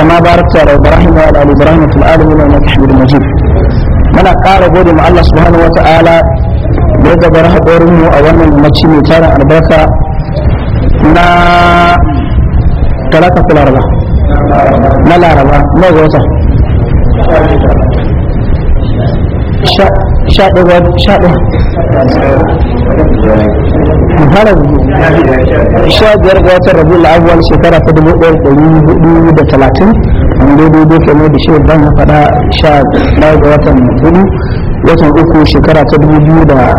كما باركت على ابراهيم وعلى ال ابراهيم في العالمين انك حميد مجيد. من قال قول مع الله سبحانه وتعالى بيت براه دورهم اولا المتشي ترى انا بيتا نا ثلاثه في الاربعه. لا لا ربع لا غوصه. شا شا شا sha biyar ga watan rabiul awwal shekara ta dubu ɗaya ɗari hudu da talatin wanda daidai kamar da shi ban ya faɗa sha ɗaya ga watan hudu watan uku shekara ta dubu biyu da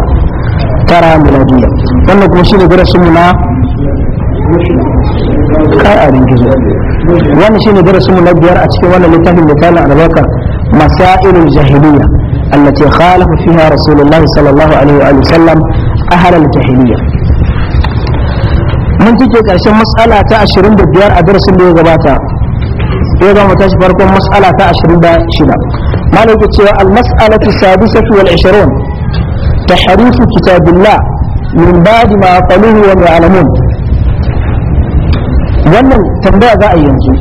tara miladiya wannan kuma shi ne darasinmu na kai a ringizo wannan shi ne darasinmu na biyar a cikin wannan littafin da talin albarka masailul jahiliya التي خالف فيها رسول الله صلى الله عليه وآله وسلم أهل الجاهلية من تجيك كرشان مسألة تأشرين بالديار أدرس اللي يغباتا إذا ما تجبركم مسألة تأشرين بشدة ما نجي المسألة السادسة والعشرون تحريف كتاب الله من بعد ما قالوه وما يعلمون wannan tambaya za a yanzu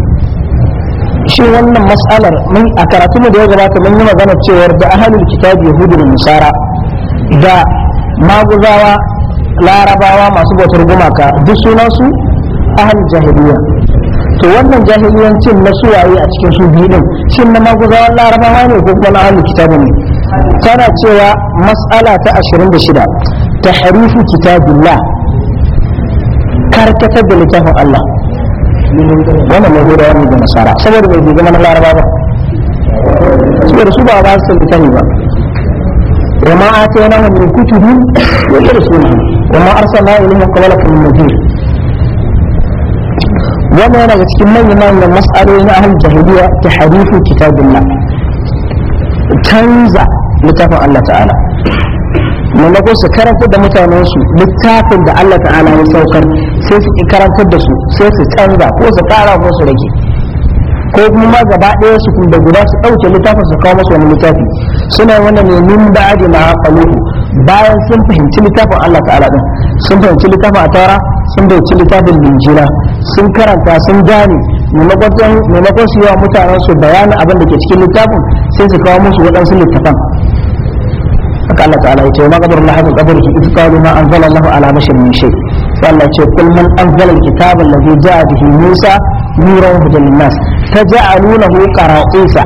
shi wannan mas'alar mun a karatunmu da ya gabata mun yi magana cewar da ahalul kitab yahudu da nasara da maguzawa larabawa masu bautar gumaka duk sunansu ahal jahiliya to wannan jahiliyancin na suwaye a cikin su biyu din shin na maguzawan larabawa ne ko kuma ahal kitabu ne tana cewa mas'ala ta 26 tahrifu kitabillah karkatar da littafin Allah wannan yahudawa ne da nasara saboda bai zama na larabawa saboda su ba ba su littafi ba وما آتيناهم من كتب يدرسونها وما أرسلنا إليهم قبلك من نذير وما نجتكم من من المسألة إلى أهل الجاهلية تحريف كتاب الله تنزع لتفع الله تعالى من نقول سكرت da mutanensu littafin الله تعالى ta'ala ya saukar sai su تنزع da su sai su ko kuma gaba ɗaya su da guda su ɗauke littafin su kawo masu wani littafi suna wannan ne min ba'adi na qaluhu bayan sun fahimci littafin Allah ta'ala din sun fahimci littafin atara sun fahimci littafin injila sun karanta sun gane maimakon su yawa mutanen su bayanin abin da ke cikin littafin sai su kawo musu waɗansu littafan haka Allah ta'ala ya ce ma qadarul lahi qadaru fi ifqalu ma anzala Allahu ala basharin min shai sai Allah ya ce kul man anzala alkitaba alladhi ja'a bihi Musa nura wa a nas hukara qara'isa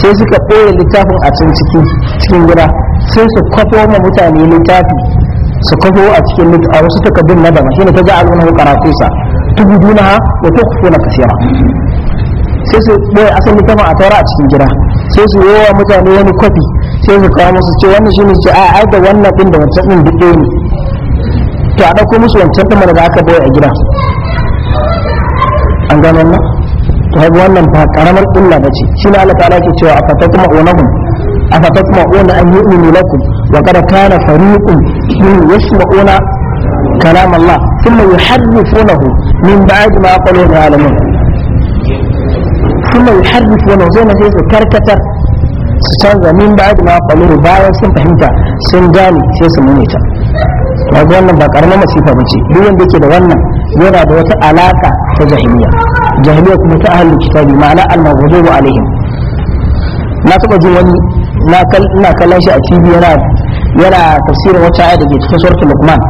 sai suka ɓoye littafin a can cikin gida sai su kwafo ma mutane littafi su kwafo a cikin a wasu bin na dama shine ha qara'isa ta kufo na kaseera sai su ɓoye asan littafin a taura a cikin gida sai su yi wa mutane wani kwafi sai su kawo musu ce wannan shine ce a ai da wannan ɗin da wancan ɗin duk ɗaya ne to a ɗauko musu wancan ɗin da aka ɓoye a gida an gano wannan to haka wannan ba karamar illa ba ce shi ne Allah ta'ala ke cewa a fata kuma unahum a fata kuma una an yu'minu lakum wa qad kana fariqun min yasma'una kalam Allah thumma yuharrifunahu min ba'di ma qalu ya'lamun thumma yuharrifunahu zai na sai su karkatar su canza min ba'di ma qalu bayan sun fahimta sun gane sai su munita kaga wannan ba karamar masifa bace duk wanda yake da wannan yana da wata alaka ta jahiliya jahiliya kuma ta ahlul kitabi ma'ana al-maghdubu alaihim na taba jin wani na kallon shi a TV yana yana tafsirin wata aya da ke cikin suratul luqman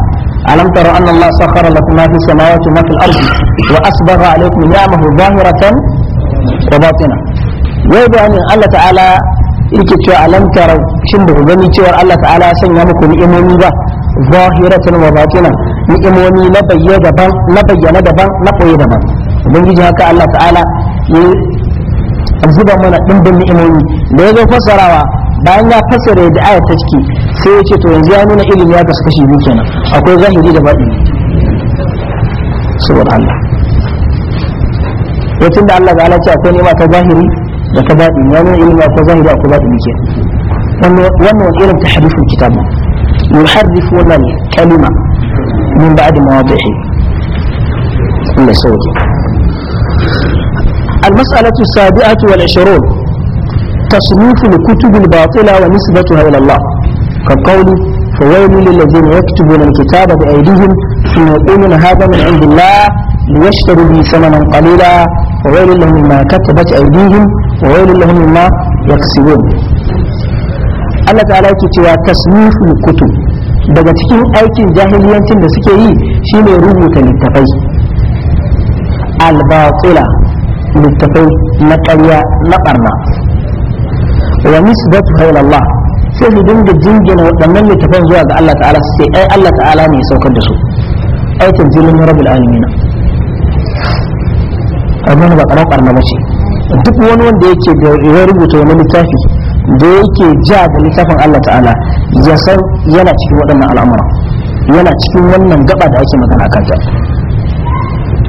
alam tara anna allaha sakhara lakum ma fis samawati wa ma fil ardi wa asbagha alaykum ni'amahu zahiratan wa batina wai bayanin Allah ta'ala yake cewa alam tara shin ba ku gani cewa Allah ta'ala ya sanya muku ni'imomi ba zahiratan wa batina ni'imomi na bayyana daban na bayyana daban na koyi daban ubangiji haka Allah ta'ala ya zuba mana da ya zo bayan ya fassara da aya ta ciki sai ya ce to yanzu ya nuna ilimi ya kasu kashi biyu kenan akwai zahiri da batini subhanallah to tunda Allah ta'ala ce akwai ni'ima ta zahiri da ta baɗi, ya nuna ilimi akwai zahiri akwai batini kenan wannan wannan irin tahrifin kitabu يحرف ولا الكلمة من بعد مواضعه إلا سوي المسألة السابعة والعشرون تصنيف الكتب الباطلة ونسبتها إلى الله كقول فويل للذين يكتبون الكتاب بأيديهم ثم يقولون هذا من عند الله ليشتروا به ثمنا قليلا وويل لهم مما كتبت أيديهم وويل لهم مما يكسبون Allah ta'ala yake cewa tasniful kutu daga cikin aikin jahiliyancin da suke yi shine rubuta littafai albatula littafai na ƙarya na ɓarna wa nisbatu Allah sai su dinga jingina waɗannan littafan zuwa ga Allah ta'ala su ce ai Allah ta'ala ne saukar da su ai tanzilin rabbul alamin abin ba ƙarar ɓarna ba ce duk wani wanda yake da ya rubuta wani littafi da yake ja da littafin Allah ta'ala ya san yana cikin waɗannan al'amura yana cikin wannan gaba da ake magana ta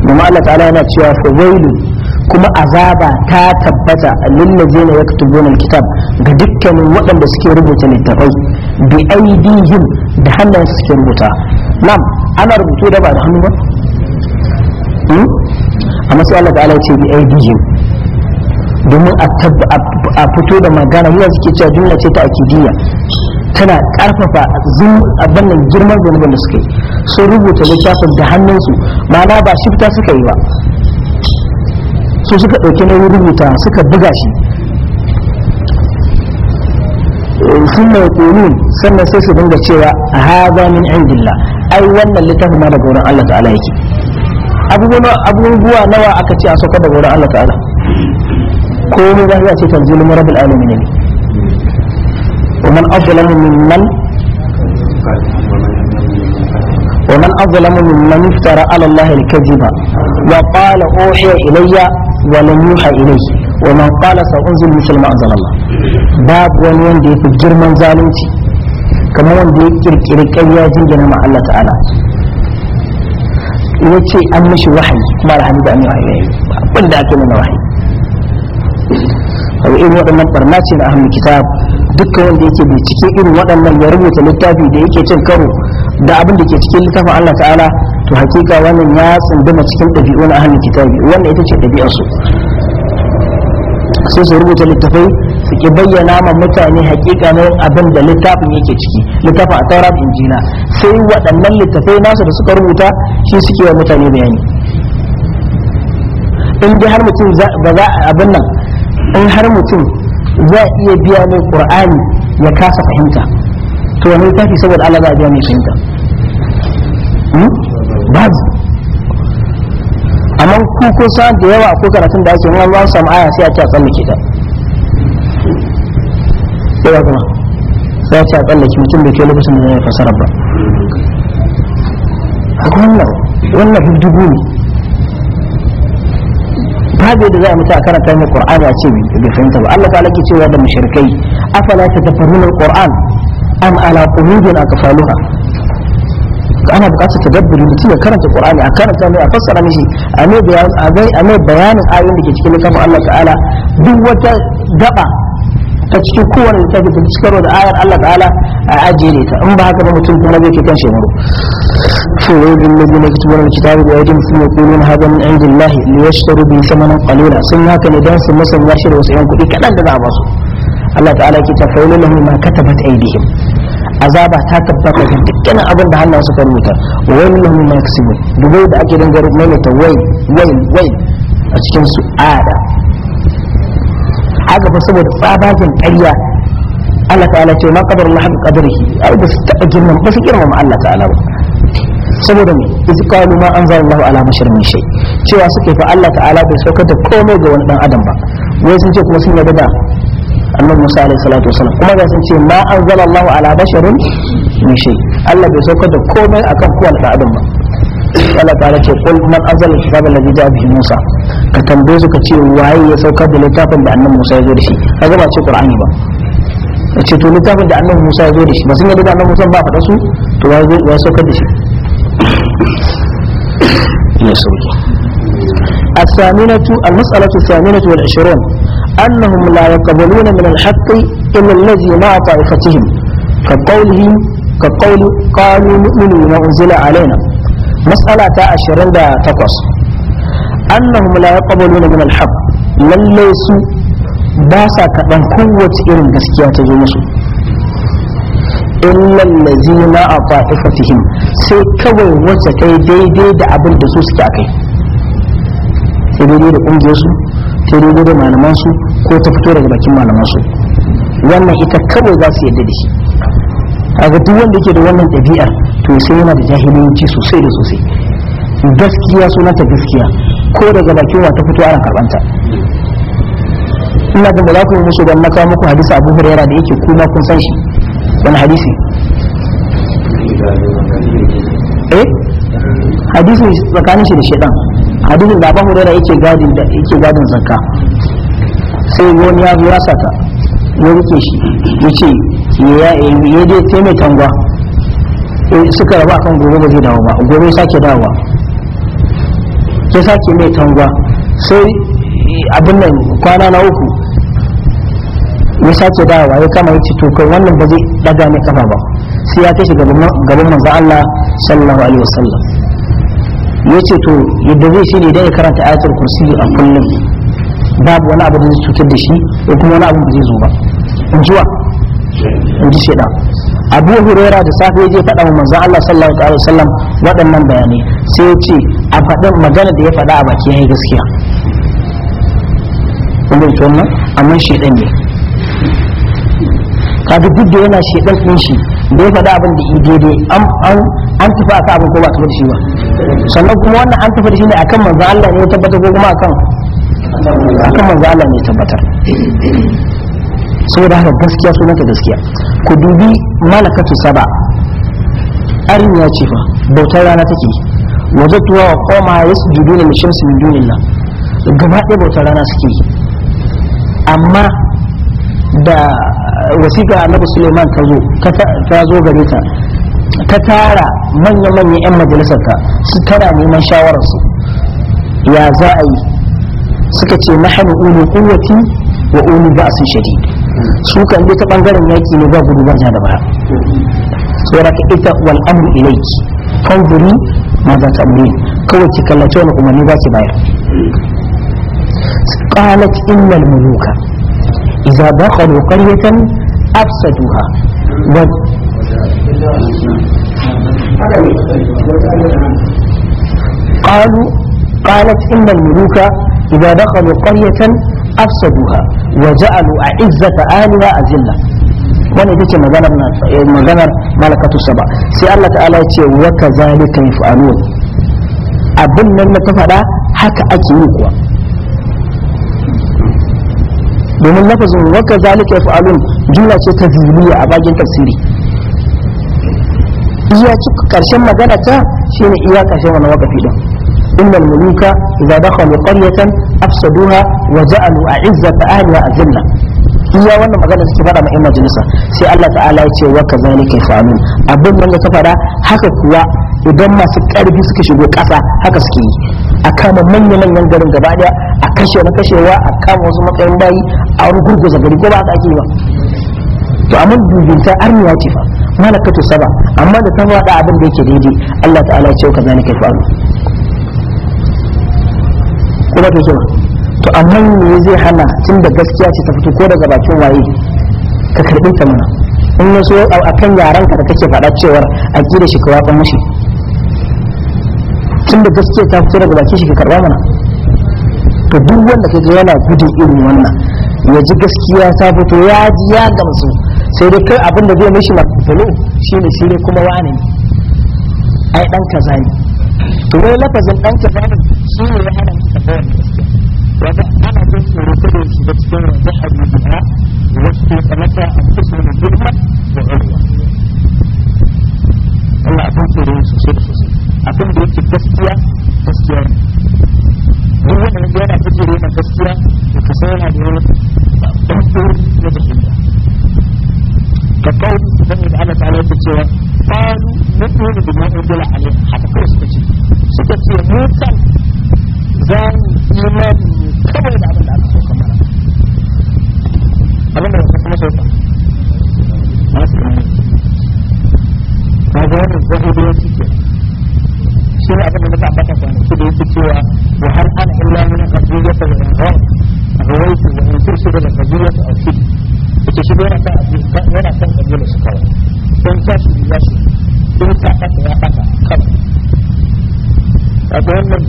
kuma Allah ta'ala yana cewa fa Wailu kuma azaba ta tabbata ladina yaktubuna alkitab ga dukkanin waɗanda suke rubuta littafai bi aidihim da hannun suke rubuta nam ana rubutu da ba da hannu ba hmm? amma sai Allah ta'ala ya ce bi aidihim domin a a fito da magana yana suke cewa jumla ce ta akidiyya tana karfafa abin nan girman zanubin da suka yi sun rubuta littafin da hannunsu ma'ana ba fita suka yi ba su suka ɗauki na rubuta suka buga shi sun mai ƙonun sannan sai su dinga cewa a haza min indillah ai wannan littafin ma daga wurin Allah ta'ala yake abubuwa nawa aka ce a sauka daga wurin Allah ta'ala komai za يأتي تنزيل من رب العالمين لي ومن أظلم من من ومن أظلم من من افترى على الله الكذب وقال أوحي إلي ولم يوحى إليه ومن قال سأنزل مثل ما أنزل الله باب ونين دي في الجرمان زالوتي كما وان دي كركري كيا جنجنا مع الله تعالى yace an وحي ما رحمي alhamdu وحي yi wahayi من وحي abu irin waɗannan barna ce da ahlul kitab dukkan wanda yake bincike irin waɗannan ya rubuta littafi da yake cin karo da abin da ke cikin littafin Allah ta'ala to hakika wannan ya tsunduma cikin ɗabi'u na ahlul kitab wannan ita ce ɗabi'arsu sai su rubuta littafai su ke bayyana ma mutane na abin da littafin yake ciki littafin a taurat injina sai waɗannan littafai nasu da suka rubuta shi suke wa mutane bayani in dai har mutum ba za a abin nan in har mutum za iya biya mai qur'ani ya kasa fahimta to wani littafi saboda Allah za a biya mai fahimta hmm? babu amma ku ko san da yawa ko karatun da ake nuna ruwan samu aya sai a ce a tsallake ta sai ya kuma sai a ce a tsallake mutum da ke lokacin da zai fasara ba akwai wannan wannan hujjugu ne babu da za a mutu a karanta mai qur'ani a ce bai fahimta ba Allah ta'ala ke cewa da mushrikai afala tadabbaruna alquran am ala qulubin akfaluha ana bukatar tadabburi mutum ya karanta qur'ani a karanta mai a fassara mishi a mai bayanin ayoyin da ke cikin littafin Allah ta'ala duk wata gaba ta cikin kowane littafi ta cikarwa da ayar Allah ta'ala a ajiye ta in ba haka ba mutum kuma zai ke kan shekaru في ويل الذين يكتبون الكتاب بأيديهم ثم يقولون هذا من عند الله ليشتروا به ثمنا قليلا ثم هاك لدان سمسا يرشد وسيعون كل كلام لنا بصر الله تعالى كتب فولي لهم ما كتبت أيديهم عذابة تاكب تاكب تكنا أبن بحال ناس كرموتا وويل لهم ما يكسبون بقول بأكي دن ميلتا ويل ويل ويل أشكين سؤالا هذا بصبت فاباك الأليا الله تعالى كي ما قدر الله حق قدره أو بس تأجنهم بس كيرهم الله تعالى saboda me izqalu ma anzalallahu ala mashrin shai cewa suke fa Allah ta'ala bai saukar da komai ga wani dan adam ba wai sun ce kuma sun yarda da annabi Musa alaihi salatu wasallam kuma ga sun ce ma anzalallahu ala basharin min shai. Allah bai saukar da komai akan kowane dan adam ba Allah ta'ala ce kul man anzala kitaba alladhi ja'a bihi Musa ka tambaye su ka ce waye ya saukar da littafin da annabi Musa ya zo da shi kaga ba ce Qur'ani ba ce to littafin da annabi Musa ya zo da shi ba sun yarda da annabi Musa ba faɗa su to ya saukar da shi الثامنة المسألة الثامنة والعشرون أنهم لا يقبلون من الحق إلا الذي مع طائفتهم كقولهم كقول قالوا نؤمن بما أنزل علينا مسألة عشرين دا تقص أنهم لا يقبلون من الحق لن ليسوا باسا كأن قوة إرم تسكيات illa lazina a fa'ifatihim sai kawai wacce kai yi daidai da abin da su suke akai ta daidai da kungiyar su ta daidai da malaman su ko ta fito daga bakin malaman su wannan ita kawai za su yadda da shi kaga duk wanda yake da wannan ɗabi'a to sai yana da jahilinci sosai da sosai gaskiya ta gaskiya ko daga bakin wa ta fito ana karbanta ina ga ba za ku yi musu ban maka muku hadisi Abu Hurairah da yake kuma kun san shi wani hadisi eh hadisi tsakanin shi da shaidan hadisin da abu hurera yake gadin da yake gadin zakka sai wani ya zo ya saka ya rike shi ya ce ya je taimai tangwa eh, suka raba kan gobe ba zai dawo ba gobe ya sake dawo ya sake mai tangwa sai eh, abin nan kwana na uku ya sace da ya kama yace to kai wannan ba zai daga ne kafa ba sai ya tashi gaban manzo Allah sallallahu alaihi wasallam yace to yadda zai shi ne da ya karanta ayatul kursi a kullum babu wani abu da zai cutar da shi ko kuma wani abu da zai zo ba in ji inji shaidan abu huraira da safe je faɗa wa manzo Allah sallallahu alaihi wasallam waɗannan bayanai sai ya ce a faɗin magana da ya faɗa a baki yi gaskiya kuma wannan amma ɗan ne kaga duk da yana shedan din shi da ya faɗa abin da daidai an an an tafi aka abin ko ba tafi da shi ba sannan kuma wannan an tafi da shi ne akan manzo Allah ne ya tabbata ko kuma akan akan manzo Allah ne ya tabbata saboda haka gaskiya ka gaskiya ku dubi malakatu saba arin ya ce fa bautar rana take tuwa wa koma ya su dubi na su dubi na gaba ɗaya bautar rana suke amma da wasiƙa annabi suleiman ta zo ta zo gare ta ta tara manyan manya 'yan majalisarka su tara neman su ya za a yi suka ce nahanu ulu quwwati wa ulu ba'sin shadid su kan ta bangaren yaki ne ba gudu ba da ba saboda ka ita wal amru ilayki fanzuri ma za ta amuri kawai ki kallace wani umarni za ki bayar قالت إن الملوك إذا دخلوا قرية أفسدوها و... قالوا قالت إن الملوك إذا دخلوا قرية أفسدوها وجعلوا أعزة أهلها أذلة wannan ita ce maganar malakatu saba sai Allah ta'ala ya ce wa kazalika yaf'alun abin nan na ta faɗa haka ake yi kuwa domin lafazin waka zalika fa'alun jumla ce ta ziliya a bakin tafsiri iya karshen magana ta shine iya karshen wannan wakafi din innal muluka idza dakhalu qaryatan afsaduha wa ja'alu a'izzata ahliha azilla iya wannan magana take fada mai majalisa sai Allah ta'ala ya ce wa kazalika fa'alun abin nan da ta fada haka kuwa idan masu ƙarfi suka shigo ƙasa haka suke yi a kama manya-manyan garin gaba daya a kashe na kashewa a kama wasu matsayin bayi a wani gurguza gari ko ba haka ake ba to amma dubinta arniya ce fa malakatu saba amma da ta faɗa abin da yake daidai Allah ta'ala ya ce ka zane kai faru kuma to kina to amma me zai hana tun da gaskiya ce ta fito ko daga bakin waye ka karbi ta mana in yaso a yaran ka da kake faɗa cewar kira shi ka wafa mushi tunda gaskiya ta fito daga bakin shi ka karba mana to duk wanda ka ga yana gudun irin wannan ya ji gaskiya ta fito ya ji ya gamsu sai dai kai abin da zai mishi makufulu shine shi ne kuma wani ne ai dan kaza ne to wai lafazin dan kaza ne shi ne ya hana ta fara gaskiya gaskiya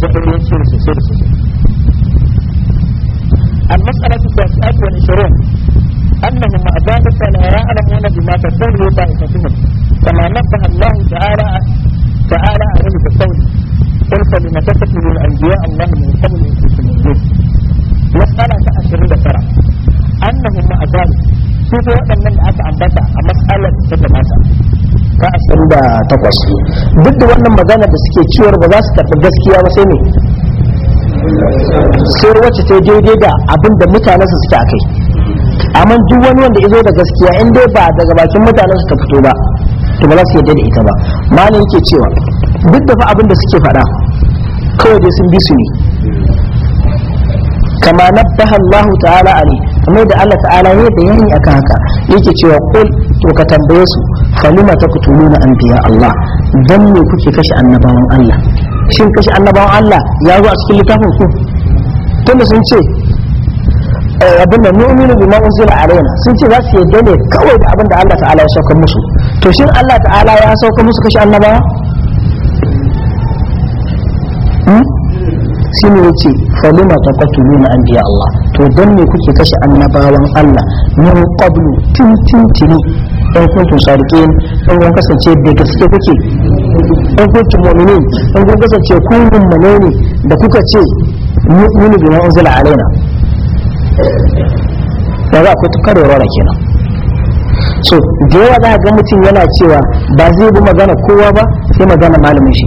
جهرية سلسة سلسة المسألة التاسعة والعشرون أنهم أبادة لا يعلمون بما تقول طائفتهم da takwas duk da wannan magana da suke ciwar ba za su karɓi gaskiya ba sai ne sai wacce ta daidai da abin da su suke a kai amma duk wani wanda izo da gaskiya in dai ba daga bakin su ta fito ba to ba za su yadda da ita ba malam yake cewa duk da fa abin da suke faɗa kawai dai sun bi su ne kama nabbaha Allah ta'ala ne kamar da Allah ta'ala ne da yayi akan haka yake cewa kul to ka tambaye su nuna an biya Allah dan me kuke kashe annabawan Allah shin kashe annabawan Allah ya zo a cikin littafin ku tunda sun ce abin da mu'minu bima unzila alaina sun ce za su yadda ne kawai da abin da Allah ta'ala ya sauka musu to shin Allah ta'ala ya sauka musu kashe annabawa shi ne yace falima taqtuluna anbiya Allah to dan ne kuke kashe annabawan Allah min qablu tin tin tini in kuntun sadiqin in kun kasance da gaske kuke in kuntun mu'minin in kun kasance ku mu'mine ne da kuka ce mu'minu bima unzila alaina da za ku tukare rora kenan so da yawa za ga mutum yana cewa ba zai bi magana kowa ba sai magana malamin shi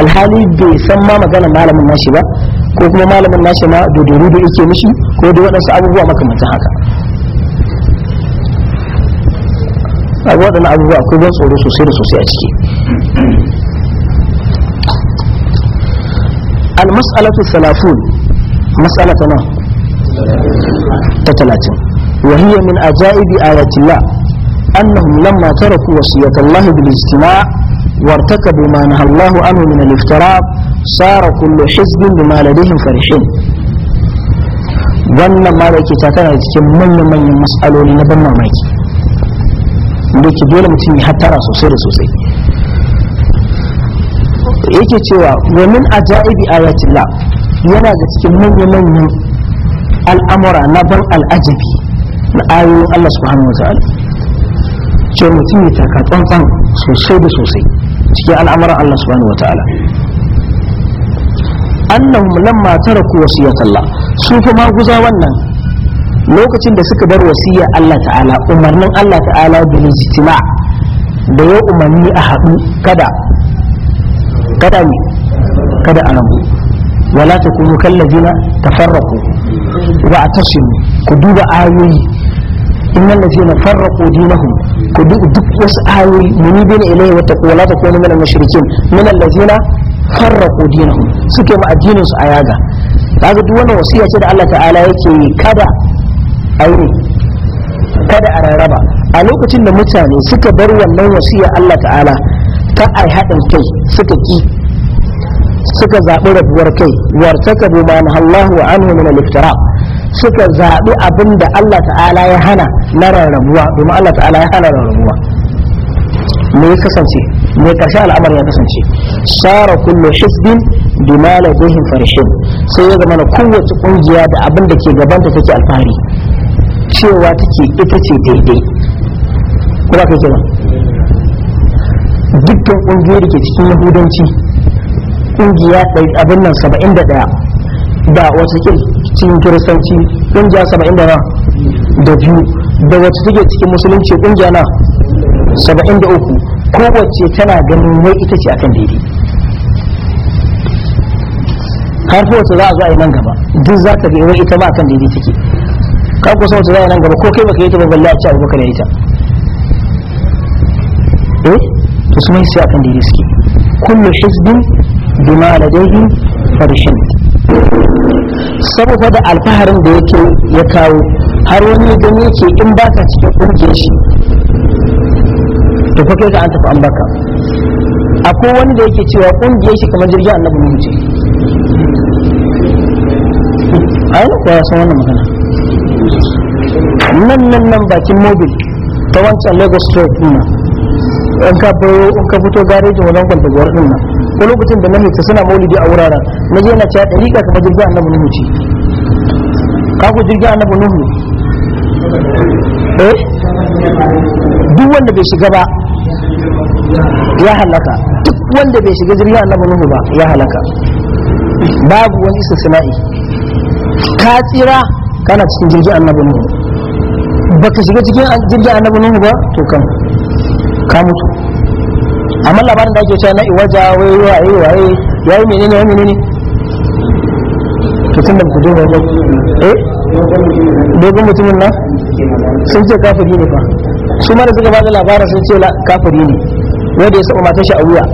alhali bai san ma magana malamin nashi ba ko kuma malamin nashi ma dodoro da yake mishi ko da waɗansu abubuwa makamantan haka a waɗannan abubuwa akwai ban tsoro sosai da sosai a ciki almas'alatu salafun mas'ala ta nan ta talatin wa hiya min ajaibi ayatillah annahum lamma taraku wasiyatallahi bil ijtima' وارتكبوا ما نهى الله عنه من الافتراء صار كل حزب بما لديهم فرحين wannan ma da ke ta tana cikin manyan manyan matsaloli na ban mamaki da ke dole mutum ya hattara sosai da sosai yake cewa wa min ajaibi ayatillah yana da cikin manya-manyan al'amura na ban al'ajabi na ayoyin Allah subhanahu wa ta'ala ce mutum ya taka tsantsan sosai da sosai cikin al'amuran Allah subhanahu wa ta'ala annahum lamma taraku wasiyatallah su kuma guza wannan lokacin da suka bar wasiya Allah ta'ala umarnin Allah ta'ala bil ijtima da ya umarni a haɗu kada kada ne kada a rabu wala takunu kallazina tafarraqu wa atasimu ku duba ayoyi innal ladzina farraqu dinahum ku duk duk wasu ayoyi muni munibina ilayhi wa taqwa la takunu min al-mushrikin min allazina farraqu dinahum suke ma addinin su ayaga kaga duk wannan wasiya ce da Allah ta'ala yake kada aure kada a rarraba a lokacin da mutane suka bar wannan wasiya Allah ta'ala ta ai haɗin kai suka ki suka zaɓi rabuwar kai wartakabu ma nahallahu anhu min al-iftira suka zaɓi abin da Allah ta'ala ya hana na rarrabuwa domin Allah ta'ala ya hana rarrabuwa me ya kasance me karshe al'amari ya kasance sara kullu hizbin bima lahum farishin sai ya zama kowace kungiya da abin da ke gabanta take alfahari cewa take ita ce daidai kuma ka kira, dukkan ƙungiyar da ke cikin yahudanci ƙungiya abin nan saba'in da ɗaya da wasu ke cikin kiristanci ƙungiya saba'in da da biyu da wata take cikin musulunci ƙungiya na saba'in da uku kowace tana ganin wai ita ce akan daidai har kowace za a zo a yi nan gaba duk za ka ga wai ita ma akan daidai take ka ku wata za a nan gaba ko kai baka yi ta babban lafiya cikin bakar ya yi ta eh to su mai sai da yi suke kullu hizbin bima ladaihim farshin saboda da alfaharin da yake ya kawo har wani gani yake in baka cikin kungiyar shi to fa kai ka an tafi an baka akwai wani da yake cewa kungiyar shi kamar jirgin annabi mutum. a yi kwaya sun wannan magana nan nan nan bakin mobil ta wancan lagos street din nan in ka bayo in ka fito garejin wannan gwar din nan ko lokacin da na mutu suna maulidi a wuraren na je na ta dariƙa kamar jirgin annabi nuhu ce ka ku jirgin annabi nuhu eh duk wanda bai shiga ba ya halaka duk wanda bai shiga jirgin annabi nuhu ba ya halaka babu wani istisna'i ka tsira kana cikin jirgin annabi nuhu ka shiga cikin jirgin annabi nuhu ba to kan ka mutu amma labarin da ake cewa na iwaja wai waye waye yayi menene yayi menene to tunda ku duba ba eh dogon mutumin na sun ce kafiri ne fa su ma da suka bada labarin sun ce kafiri ne wanda ya saba matar shi a wuya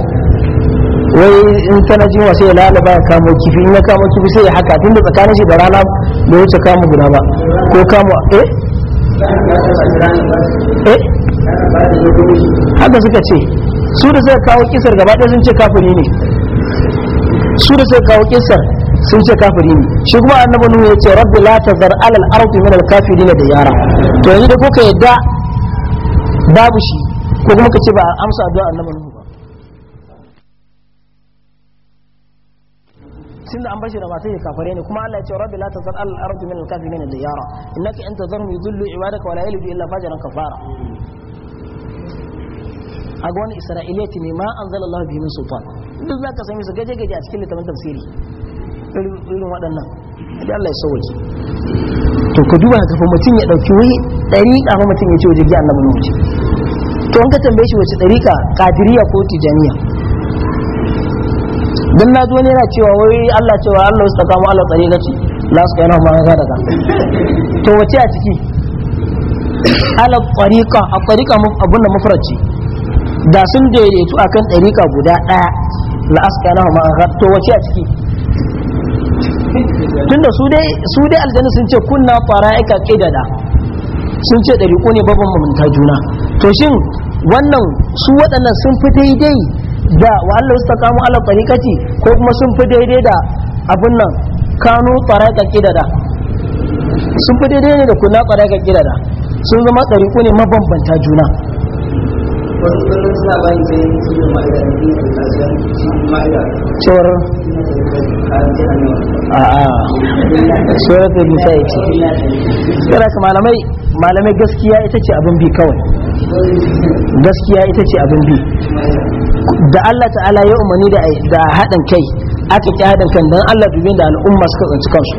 wai in tana jin wasu ya lalaba ya kamo kifi in ya kamo kifi sai ya haka tunda tsakanin shi da rana bai wuce kamo guda ba ko kamo eh Eh? haka suka ce su da suka kawo kisar gaba ɗaya sun ce kafiri ne su da suka kawo kisar sun ce kafiri ne shi kuma annabi nuhu ya ce rabbi la tazar alal ardi min al kafirin da yara to yanzu da kuka yadda babu shi ko kuma ka ce ba amsa addu'a annabi nuhu tunda an bashi da matar ya kafare ne kuma Allah ya ce rabbi la tazal al ardu min al kafirin diyara innaka in tazarhum yudhillu ibadaka wa la yalidu illa fajran kafara a ga wani isra'iliya ne ma anzala Allah bi min sultan duk zaka sami su gaje gaje a cikin littafin tafsiri irin waɗannan da Allah ya sauke to ku duba ka fa mutum ya dauki wai dariƙa fa mutum ya ce wajen ji annabi wuce. to an ka tambaye shi wace dariƙa kadiriya ko tijaniya dan na zo ne yana cewa wai Allah cewa Allah ya saka mu Allah tsare gaci la su kai na ma ga daga to wace a ciki ala tariqa a tariqa abun da mafarci da sun daidaitu akan tariqa guda daya la askana ma ga to wace a ciki tunda su dai su dai aljanna sun ce kunna fara fara'ika dada? sun ce dariqo ne babban mamunta juna to shin wannan su waɗannan sun fi daidai da wa Allah istaqamu ala tariqati ko kuma sun fi daidai da abun nan kanu tsaraika kidada sun fi daidai ne da kula tsaraika kidada sun zama ɗariƙu ne mabambanta juna cewar a cewar da nisa ya ce ka malamai malamai gaskiya ita ce abin bi kawai gaskiya ita ce abin bi da Allah ta'ala ya umarni da haɗin kai aka ƙi haɗin kan dan Allah dubin da al'umma suka tsinci kansu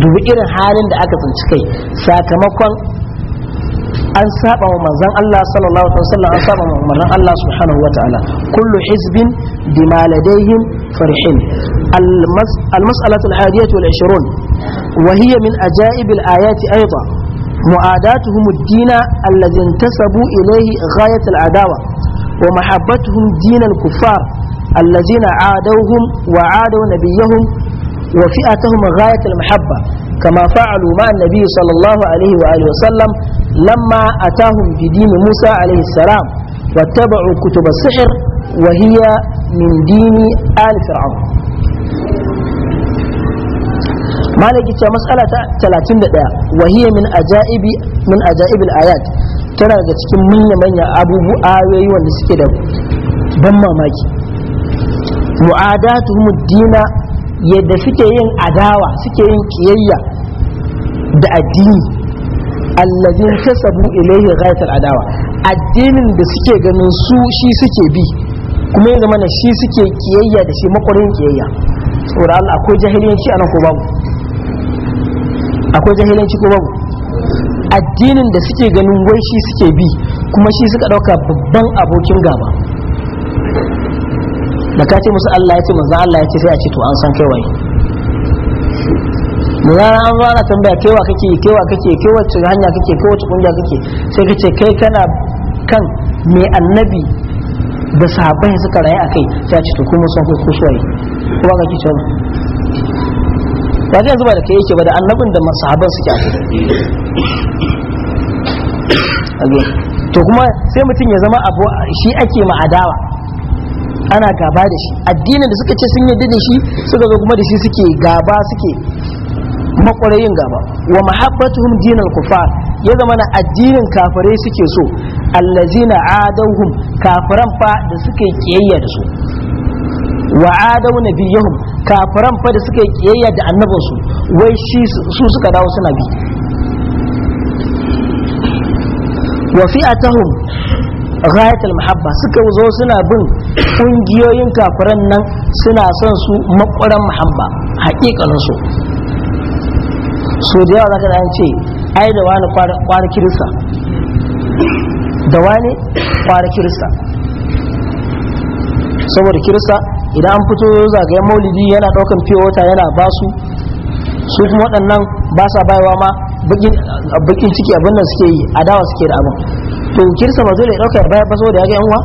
dubi irin halin da aka tsinci kai sakamakon an saba wa manzon Allah sallallahu alaihi wasallam an saba wa manzon Allah subhanahu wataala kullu hizbin bima ladayhim farihin المسألة الحادية والعشرون وهي من أجائب الآيات ayda معاداتهم الدين الذي انتسبوا إليه غاية العداوة ومحبتهم دين الكفار الذين عادوهم وعادوا نبيهم وفئتهم غاية المحبة كما فعلوا مع النبي صلى الله عليه وآله وسلم لما أتاهم بدين موسى عليه السلام واتبعوا كتب السحر وهي من دين آل فرعون malaki ce mas'ala ta 31 wahiya min ajaibi min ajaibil ayat tana daga cikin manya manya abubu ayoyi wanda suke da ban mamaki mu'adatuhum dina yadda suke yin adawa suke yin kiyayya da addini allazin kasabu ilaihi ghaital adawa addinin da suke ganin su shi suke bi kuma ya zama shi suke kiyayya da shi makwarin kiyayya saboda Allah akwai jahiliyanci anan ko babu akwai jahilanci ko babu addinin da suke ganin wai shi suke bi kuma shi suka ɗauka babban abokin gaba da ka ce musu Allah ya ce manzo Allah ya ce sai a ce to an san kai waye da rana an zara tambaya wa kake wa kake kai wacce hanya kake kai wacce kungiya kake sai ka ce kai kana kan me annabi da sahabbai suka rayu a kai sai a ce to kuma sun kusuwaye kowa kake cewa ba zai zuba da kai yake ba da annabin da masahaban suke a to kuma sai mutum ya zama abu shi ake ma ana gaba da shi addinin da suka ce sun yadda da shi suka zo kuma da shi suke gaba suke makwarayin gaba wa mahabbatuhum dinal kufar ya zama na addinin kafirai suke so allazina adawhum kafiran fa da suke kiyayya da su wa adau nabiyahum kafiran fa da suka yi kiyayya da annabinsu wai shi su suka dawo suna bi wa fi'atahum ghayatul muhabba suka zo suna bin kungiyoyin kafiran nan suna son su makwaran mahabba hakikalin su so da yawa zaka an ce ai da wani kwara kirista da wani kwara kirista saboda kirista idan an fito zagayen maulidi yana ɗaukan fiye wata yana basu su kuma waɗannan ba sa bayawa ma bakin ciki abin da suke yi a dawa suke da abin to kirsa ba zai ɗauka ya bayar ba saboda ya ga yan uwa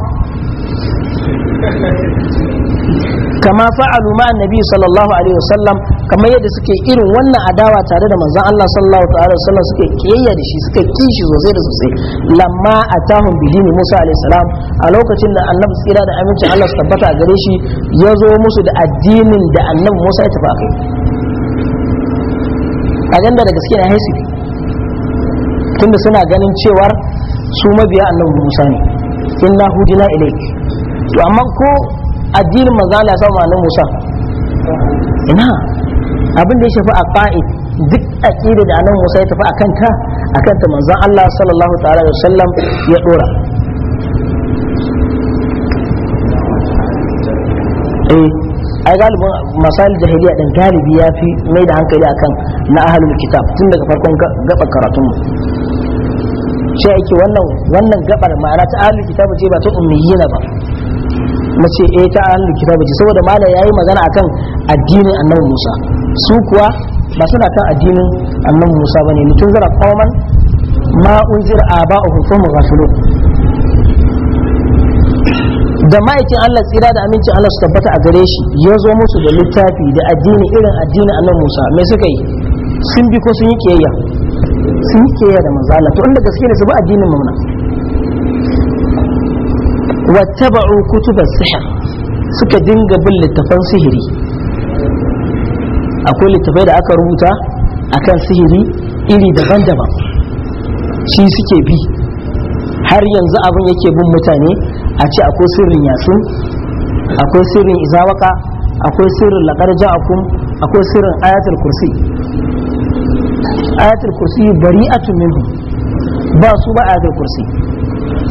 kama fa'alu ma annabi sallallahu alaihi wasallam kamar yadda suke irin wannan adawa tare da manzon Allah sallallahu ta'ala wasallam suke kiyayya da shi suke kishi sosai da sosai lamma atahum bidini Musa alaihi salam a lokacin da annabi tsira da amincin Allah su tabbata a gare shi ya zo musu da addinin da annabi Musa ya tafi akai a ganda da gaske ne haisi tunda suna ganin cewar su mabiya annabi Musa ne inna hudina ilaik. to amma ko addinin manzo Allah ya sa Musa ina abin da ya shafi a ƙa'id duk aƙida da anan musa ya tafi a kanta a kanta manzon Allah sallallahu ta'ala alaihi sallam ya dora eh ai galibin masal jahiliya din galibi ya fi mai da hankali akan na ahlul kitab tun daga farkon gaba karatun mu sai ake wannan wannan gabar ma'ana ta ahlul kitab ce ba ta ummiyina ba mace eh ta ahlul kitab ce saboda ya yayi magana akan addinin annabi Musa su kuwa ba suna kan addinin annabi Musa bane mutun zara qauman ma unzir aba'uhum fa mughafilun da ma'aikin Allah tsira da amincin Allah su tabbata a gare shi ya zo musu da littafi da addini irin addinin annabi Musa me suka yi sun bi ko sun yi kiyayya sun yi kiyayya da manzo to inda gaske ne su bi addinin mamuna wattaba'u kutuba sihr suka dinga bin littafan sihiri akwai littafai da aka rubuta akan sihiri iri daban-daban shi suke bi har yanzu abin yake bin mutane a ce akwai sirrin yasin akwai sirrin izawaka akwai sirrin laƙar ja'akun akwai sirrin ayatul kursi ayatul kursi bari a tunanin ba su ba ayatul kursi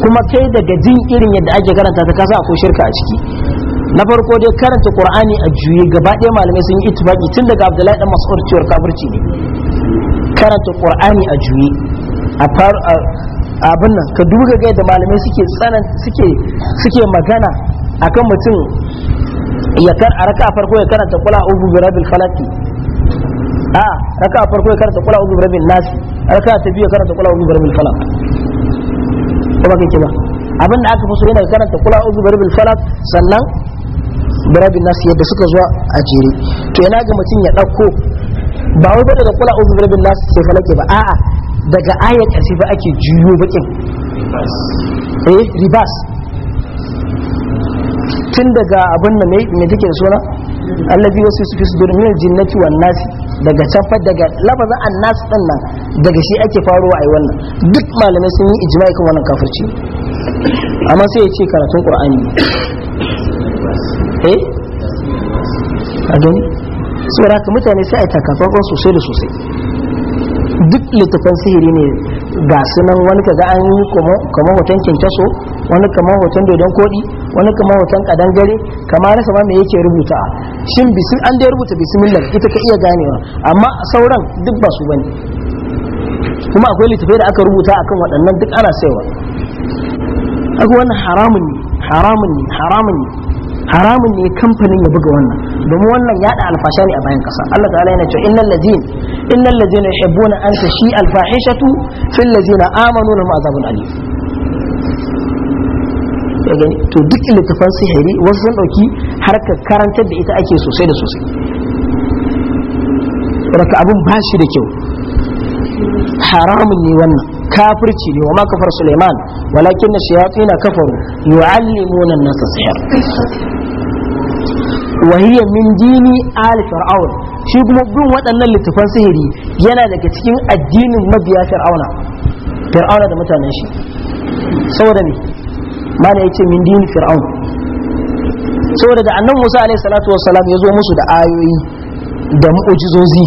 kuma kai daga jin irin yadda ake karanta ta kasa akwai shirka a ciki na farko dai karanta qur'ani a juye gaba ɗaya malamai sun yi itibaki tun daga abdullahi dan mas'ud cewar kafirci ne karanta qur'ani a juye a far abin nan ka duba ga yadda malamai suke tsanan suke suke magana akan mutum ya kar a raka farko ya karanta kula ubu bi rabbil falaq a raka farko ya karanta kula ubu bi rabbil nas raka ta biyu ya karanta kula ubu bi rabbil falaq ko ba kike ba abin da aka fi so yana karanta kula ubu bi rabbil falaq sannan birabin nasu yadda suka zuwa a jere to yana ga mutum ya ɗauko ba wai ba daga kula uzu birabin nasu sai falake ba a'a daga ayar ƙarfi ba ake juyo bakin eh ribas tun daga abin da mai take da suna allazi wasu su fi su domin jinnati wan nasi daga can daga lafazin annas din nan daga shi ake faruwa ai wannan duk malamai sun yi ijma'i kan wannan kafirci amma sai ya ce karatun qur'ani eh a gani tsira ka mutane sai a takatsantsan sosai da sosai duk littafan sihiri ne ga sunan wani kaga an yi kamar hoton kyankyaso wani kamar hoton dodon kodi, wani kamar hoton kadangare kamar rasa ma me yake rubuta shin bisim an da rubuta bismillah ita ka iya ganewa amma sauran duk ba su bane kuma akwai littafai da aka rubuta akan waɗannan duk ana saiwa Akwai wannan haramun ne haramun ne haramun ne haramun ne kamfanin ya buga wannan domin wannan yada alfasha ne a bayan kasa Allah ta'ala yana cewa innal ladin innal ladina yuhibbuna an tashi alfahishatu fil ladina amanu lahum azabun alim ya gani to duk littafan sihiri wasu sun dauki harkar karantar da ita ake sosai da sosai raka abun ba shi da kyau haramun ne wannan kafirci ne wa ma kafar Suleiman walakin na kafaru yu'allimuna an-nasa wahiyya min dini ali fir'aun shi kuma bin waɗannan littafan sihiri yana daga cikin addinin mabiya fir'auna fir'auna da mutanen shi saboda me mana yace min dini fir'aun saboda da annan musa alaihi salatu wassalam ya zo musu da ayoyi da mu'ujizozi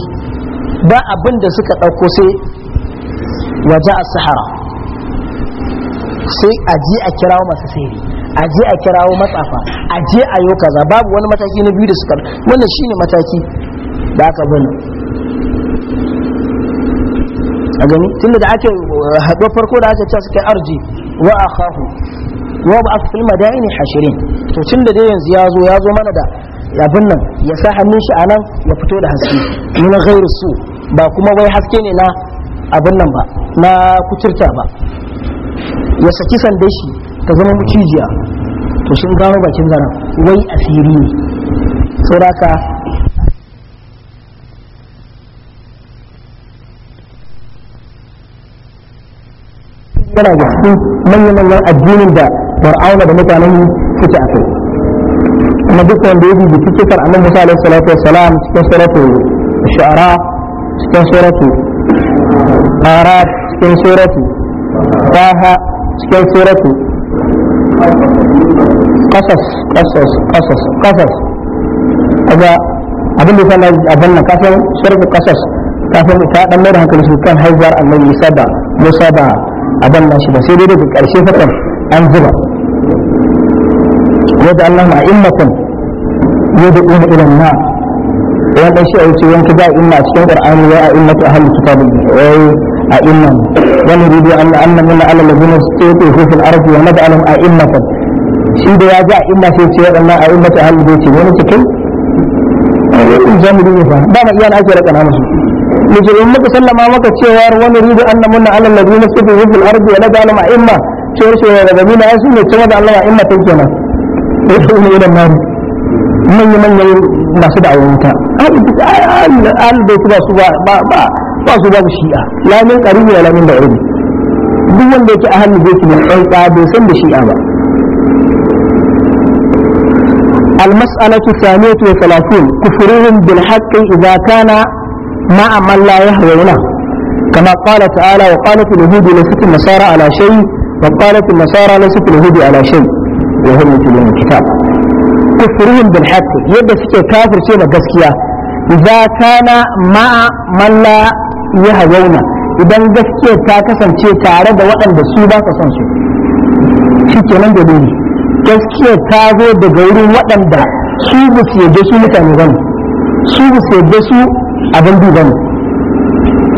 ba abin da suka ɗauko sai waje a sahara sai a a kirawo masu sihiri a je a kirawo matsafa a je a yi kaza babu wani mataki na biyu da suka wannan shine mataki da aka bani a gani tun da ake eh, haɗo farko da aka ce suka arji wa akhahu wa ba da ne hashirin to tun da dai yanzu ya zo ya zo mana da abin nan ya sa hannun shi anan ya fito da haske min gairu su ba kuma wai haske ne na abin nan ba na kucirta ba ya saki sandan shi ta zama mucijiya to sun gano bakin zaren wai asiri ne sauraka yana da cikin manya-manyan addinin da fir'auna da mutanen suke a kai kuma duk wanda ya bibi cikakar annan musa alaihi salatu wassalam cikin suratu shu'ara cikin suratu qarat cikin suratu taha cikin suratu قصص قصص قصص قصص kaga abin da sana abin nan kasan sharfi kasas kasan ta dan mai da hankali su kan haizar annabi Isa da Musa da abin nan shi ba sai dai daga karshe fakan an zuba yadda Allah ma immakum yad'una ila an-nar wanda shi a wuce yanki ba imma cikin Qur'ani wa a immatu ahli kitabillah wai أئمة ونريد أن أن من على الذين استوتوا في الأرض ونجعلهم أئمة شيد ده يجع إما شيء شيء أن أئمة أهل بيتي وين تكل جامدين فهم دام إيان أجر كان أمس نجل أمك صلى الله عليه شوار ونريد أن من على الذين استوتوا في الأرض ونجعلهم أئمة شيء شيء الذين أسلموا يتمد الله أئمة تنجنا يدخلون إلى النار من من masu da'awar wuta al bai ba su ba ba su babu shi'a lamin ƙaribi da lamin da urbi duk wanda yake a hannun zai tsantsa bai san da shi'a ba المسألة الثانية وثلاثون كفرهم بالحق إذا كان مع من لا يهوونه كما قال تعالى وقالت اليهود ليست النصارى على شيء وقالت النصارى ليست اليهود على شيء وهم يتلون الكتاب كفرهم بالحق يبدأ كافر سيما قسكيا إذا كان مع من لا ya hazauna idan gaskiya ta kasance tare da waɗanda su ba sa son su shi kenan da dole gaskiya ta zo daga wurin waɗanda su ba su yarda su mutane ba ne su ba su yarda su abin duba ne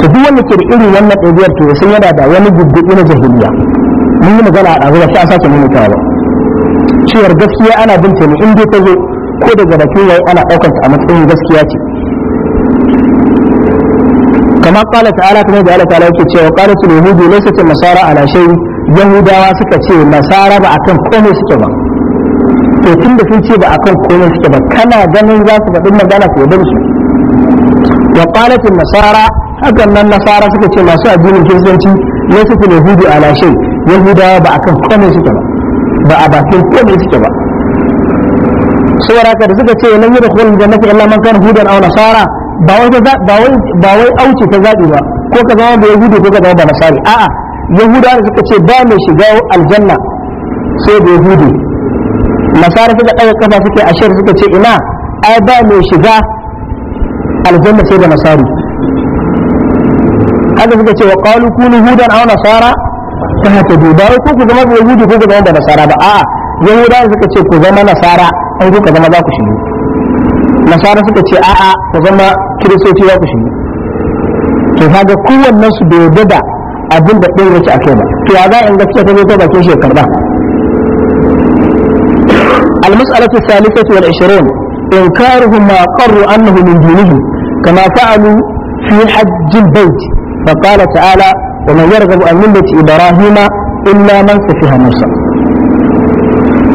to duk wanda ke da irin wannan ɗabiyar to sun yana da wani gudduɗi na jahiliya mun yi magana a ɗazu ba sai an sace mun mutawa ba cewar gaskiya ana binta ne in dai ta zo ko daga da yayi ana ɗaukanta a matsayin gaskiya ce كما قال تعالى كما قال تعالى وقالت اليهود ليست النصارى على شيء يهودا سكتي النصارى بأكم كومي سكتبا فيتم بسيتي بأكم كومي سكتبا كما جنن ذات بقل مجالة في دمش وقالت النصارى هكذا من النصارى سكتي النصارى دين الكريسنتي ليست اليهود على شيء يهودا بأكم كومي سكتبا بأباكم كومي سكتبا سورة كرسكتي لن يدخل الجنة إلا من كان هودا أو نصارى ba wai auce ta zaɓi ba ko ka zama da yahudi ko ka zama da nasari a'a yahuda da suka ce ba mai shiga aljanna sai da yahudi nasara suka ɗaga kafa suke ashir suka ce ina ai ba mai shiga aljanna sai da nasari haka suka ce wa qalu kunu hudan aw nasara ta hata ba wai ko ku zama da yahudi ko ku zama da nasara ba a'a yahuda suka ce ku zama nasara ai ku zama za ku shiga nasara suka ce a'a ku zama kiristoci za ku shige to kaga kowannen su da yarda da abin da ɗaya yake kai ba to ya za in gaskiya ta zo ta bakin shekar ba المسألة الثالثة والعشرون إنكارهم ما أقروا أنه من دينه كما فعلوا في حج البيت فقال تعالى ومن يرغب عن ملة إبراهيم إلا من سفه نفسه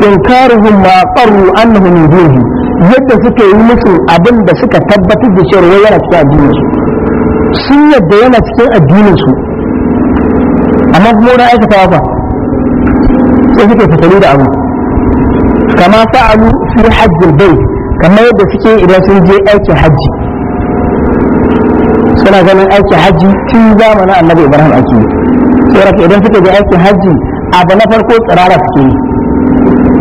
إنكارهم ما أقروا أنه من دينه yadda suka yi musu abin da suka tabbatar da cewa yana cikin addinin su sun yadda yana cikin addinin su amma kuma na aikata ba sai suke fitali da abu kama fa'alu fi hajjil bai kamar yadda suke idan sun je aikin hajji suna ganin aikin hajji tun zamanin annabi ibrahim ake yi sai idan suke je aikin hajji abu na farko tsirara suke yi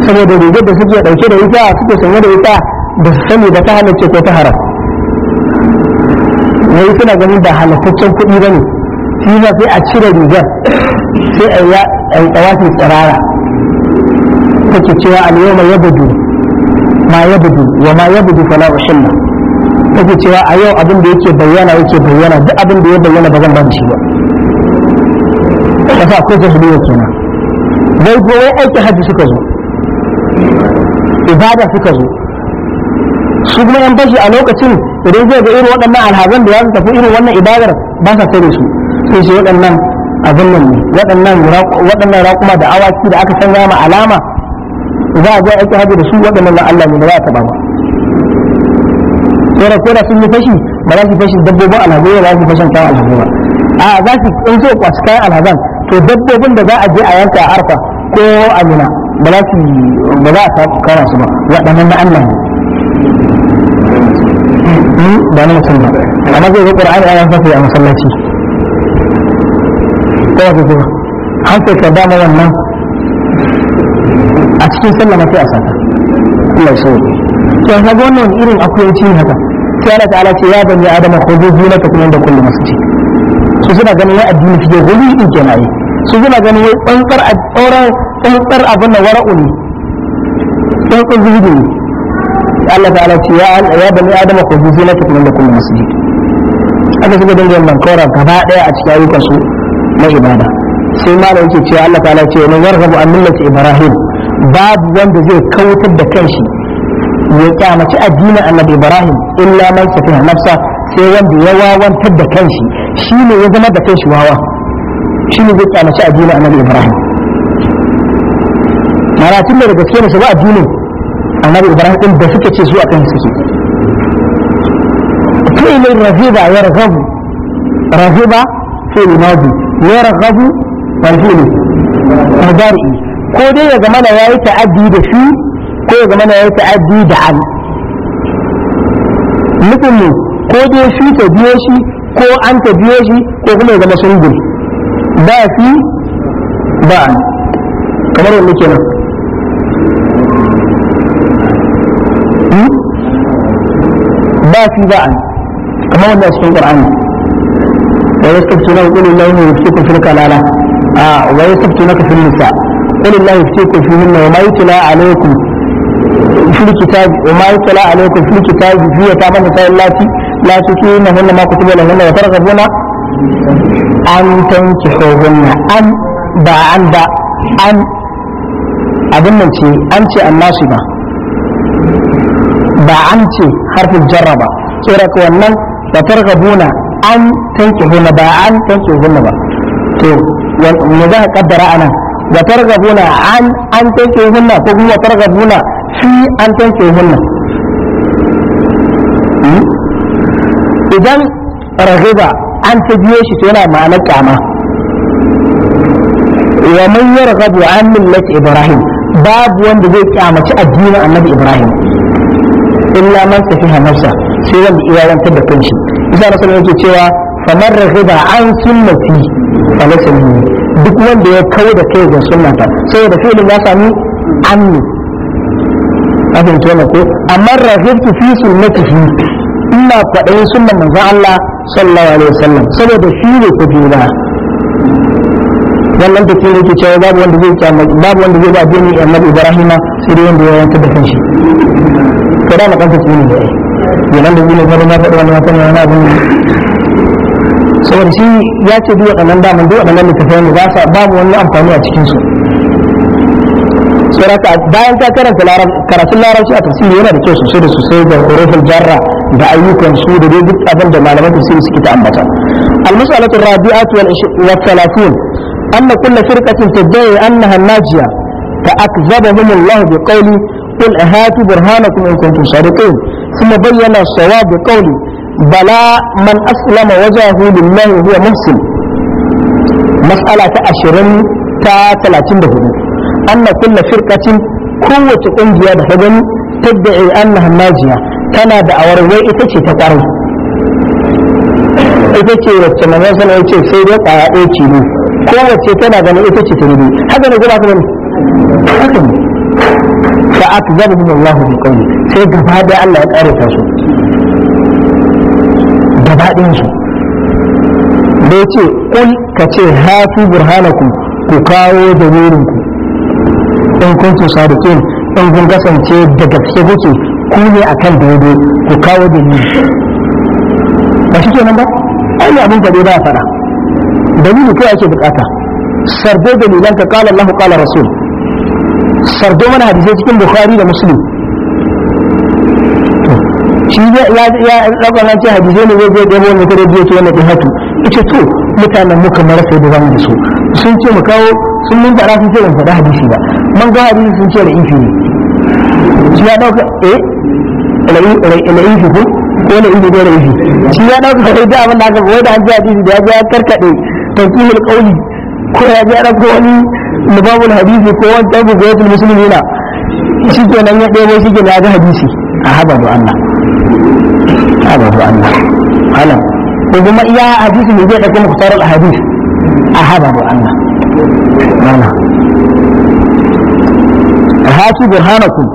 saboda rigar da suke dauke da ita suke sanye da ita da su sani ba ta halarce ko ta haram wai suna ganin ba halattaccen kuɗi ba ne shi ba sai a cire rigar sai a yi tsawafi tsirara take cewa al ya budu ma ya budu wa ma ya yabdu fala ushilla take cewa a yau abin da yake bayyana yake bayyana duk abin da ya bayyana ba zan ba shi ba kasa akwai jahiliya kenan wai gobe aiki hajji suka zo ibada suka zo su kuma yan fashi a lokacin idan zai ga irin waɗannan alhazan da za tafi irin wannan ibadar ba sa sani su sai su waɗannan abin nan ne waɗannan waɗannan raƙuma da awaki da aka canza ma alama za a je aiki hajji da su waɗannan na Allah ne ba za a taɓa ba tsira tsira sun yi fashi ba za su fashi dabbobin alhazai ba za su fashin kayan alhazan ba a za su in zai kwaci kayan alhazan to dabbobin da za a je a yanka a arfa ko amina ba za su ba za a kara su ba waɗannan na Allah ne ba na musulma amma zai ga qur'ani ana fasa a masallaci ko ba ko har sai ka dama wannan a cikin sallama ma sai a saka Allah ya so to ka ga wannan irin akwai cin haka sai Allah ta'ala ce ya bani adama khudu zinatakum da kulli masjid su suna ganin ya addini fiye guri in kenan yi su suna ganin ya tsantsar a tsoron tsantsar abin da wara'u ne tsantsar zuhudu ne الله تعالى يا يا بني ادم خذوا زينتكم من لكم المسجد أنا سيدي دنيا من كورا كفاء أشكاوي كسو مجبادة سيما لو يجب شيء الله تعالى شيء من يرغب أن ملة إبراهيم باب وند زي كوتب دكيشي يتعمى شيء أدينا أن إبراهيم إلا من سفيها نفسه سي وند يوا وند دكيشي شيني يزمى دكيشي وهو شيني يتعمى شيء أدينا أن إبراهيم مرات الله رجل سينا سواء دينه annabi ibrahim din da suka ce su akan suke fi'ilin rafiba ya raghabu rafiba fi'il madi ya raghabu fi'il mudari ko dai ya zama na yayi ta'addi da shi ko ya zama na yayi ta'addi da al mutum ne ko dai shi ta biyo shi ko an ta biyo shi ko kuma ya zama sungul ba fi ba kamar wanda kenan ba fi ba an kamar wanda a cikin qur'ani wa yastabtuna qul illahu yuftikum fil kalala a wa nisa qul illahu yuftikum fihinna wa ma yutla alaykum fil kitabi wa ma yutla alaykum fil kitabi fi yataman nisa'illati la ma wa an tankihuhunna an ba an ba an abin nan ce an ce ba ba an ce harfin jarraba tsora ka wannan ba targabuna an tanki huna ba an tanki huna ba to me za ka kaddara ana wa targabuna an an tanki huna ko kuma targabuna fi an tanki huna idan rahiba an ta biyo shi to yana ma'anar kyama wa man yarghabu an millat ibrahim babu wanda zai kyamaci addinin annabi ibrahim illa man safiha nafsa sai wanda iyawantar da kanshi isa rasul yake cewa famar raghiba an sunnati falaysa minni duk wanda ya kawo da kai ga sunnata saboda fi'lin ya sami anni abin kenan ko amma rahibtu fi sunnatihi ina kwaɗayin sunnan manzon Allah sallallahu alaihi wasallam saboda shi ne ku juna wannan da kire ke cewa babu wanda zai babu wanda zai ba dini annabi Ibrahim sai wanda ya yanka da kanshi kada na kanka tsoro ne yanan da gina zama na faɗi wani wata ne wani abin saboda shi ya ce duk waɗannan daman duk waɗannan littattafai ne ba sa babu wani amfani a cikinsu saboda bayan ta karanta karatun larabci a tafsiri yana da kyau sosai da sosai da hurufin jarra da ayyukan su da dai duk abin da malaman tafsiri suke ta ambata المسألة الرابعة والثلاثون أن كل فرقة تدعي أنها الناجية فأكذبهم الله بقوله قل هاتوا برهانكم إن كنتم صادقين ثم بين الصواب بقوله بلى من أسلم وجهه لله وهو محسن مسألة أشرين تا ثلاثين دهون أن كل فرقة قوة أنجيا بحجم تدعي أنها ناجية كان دعوار وإتشي تقارب إتشي وإتشي مثلا إتشي سيدة إتشي kowace tana ganin ita ce ta rubi haka fa akzabuhum Allah bi qawli sai gaba da Allah ya karanta su gaba ɗayan su da yace kul kace hafi burhanakum ku kawo da wurin ku in kuntum sadiqin in kun kasance da gaske kuke ku ne akan dodo ku kawo da ni ba shi kenan ba ai abin da ba fara dalili kai ake bukata sarbe dalilan ka kala Allah qala rasul sardo mana hadisai cikin bukhari da muslim shi ya ɗaukar nan ce hadisai ne zai zai wani kare biyu ce wani bihatu ita to mutanen mu kamar sai da zamu da su sun ce mu kawo sun mun faɗa sun ce ban faɗa hadisi ba man ga hadisi sun ce da ifi ne shi ya ɗauka eh ko ko la'ifi ko shi ya ɗauka da abin da aka koyi da an ji hadisi da ya ji ya karkaɗe tawkihul qawli ko ya ji ya ɗauka wani لباب الحديث كو انت ابو غيب المسلم هنا شي كان يا ده وشي كان هذا حديثي هذا ابو الله هذا ابو الله هلا وما يا حديث اللي بيقول لكم مختار الاحاديث هذا ابو الله هلا هاتوا برهانكم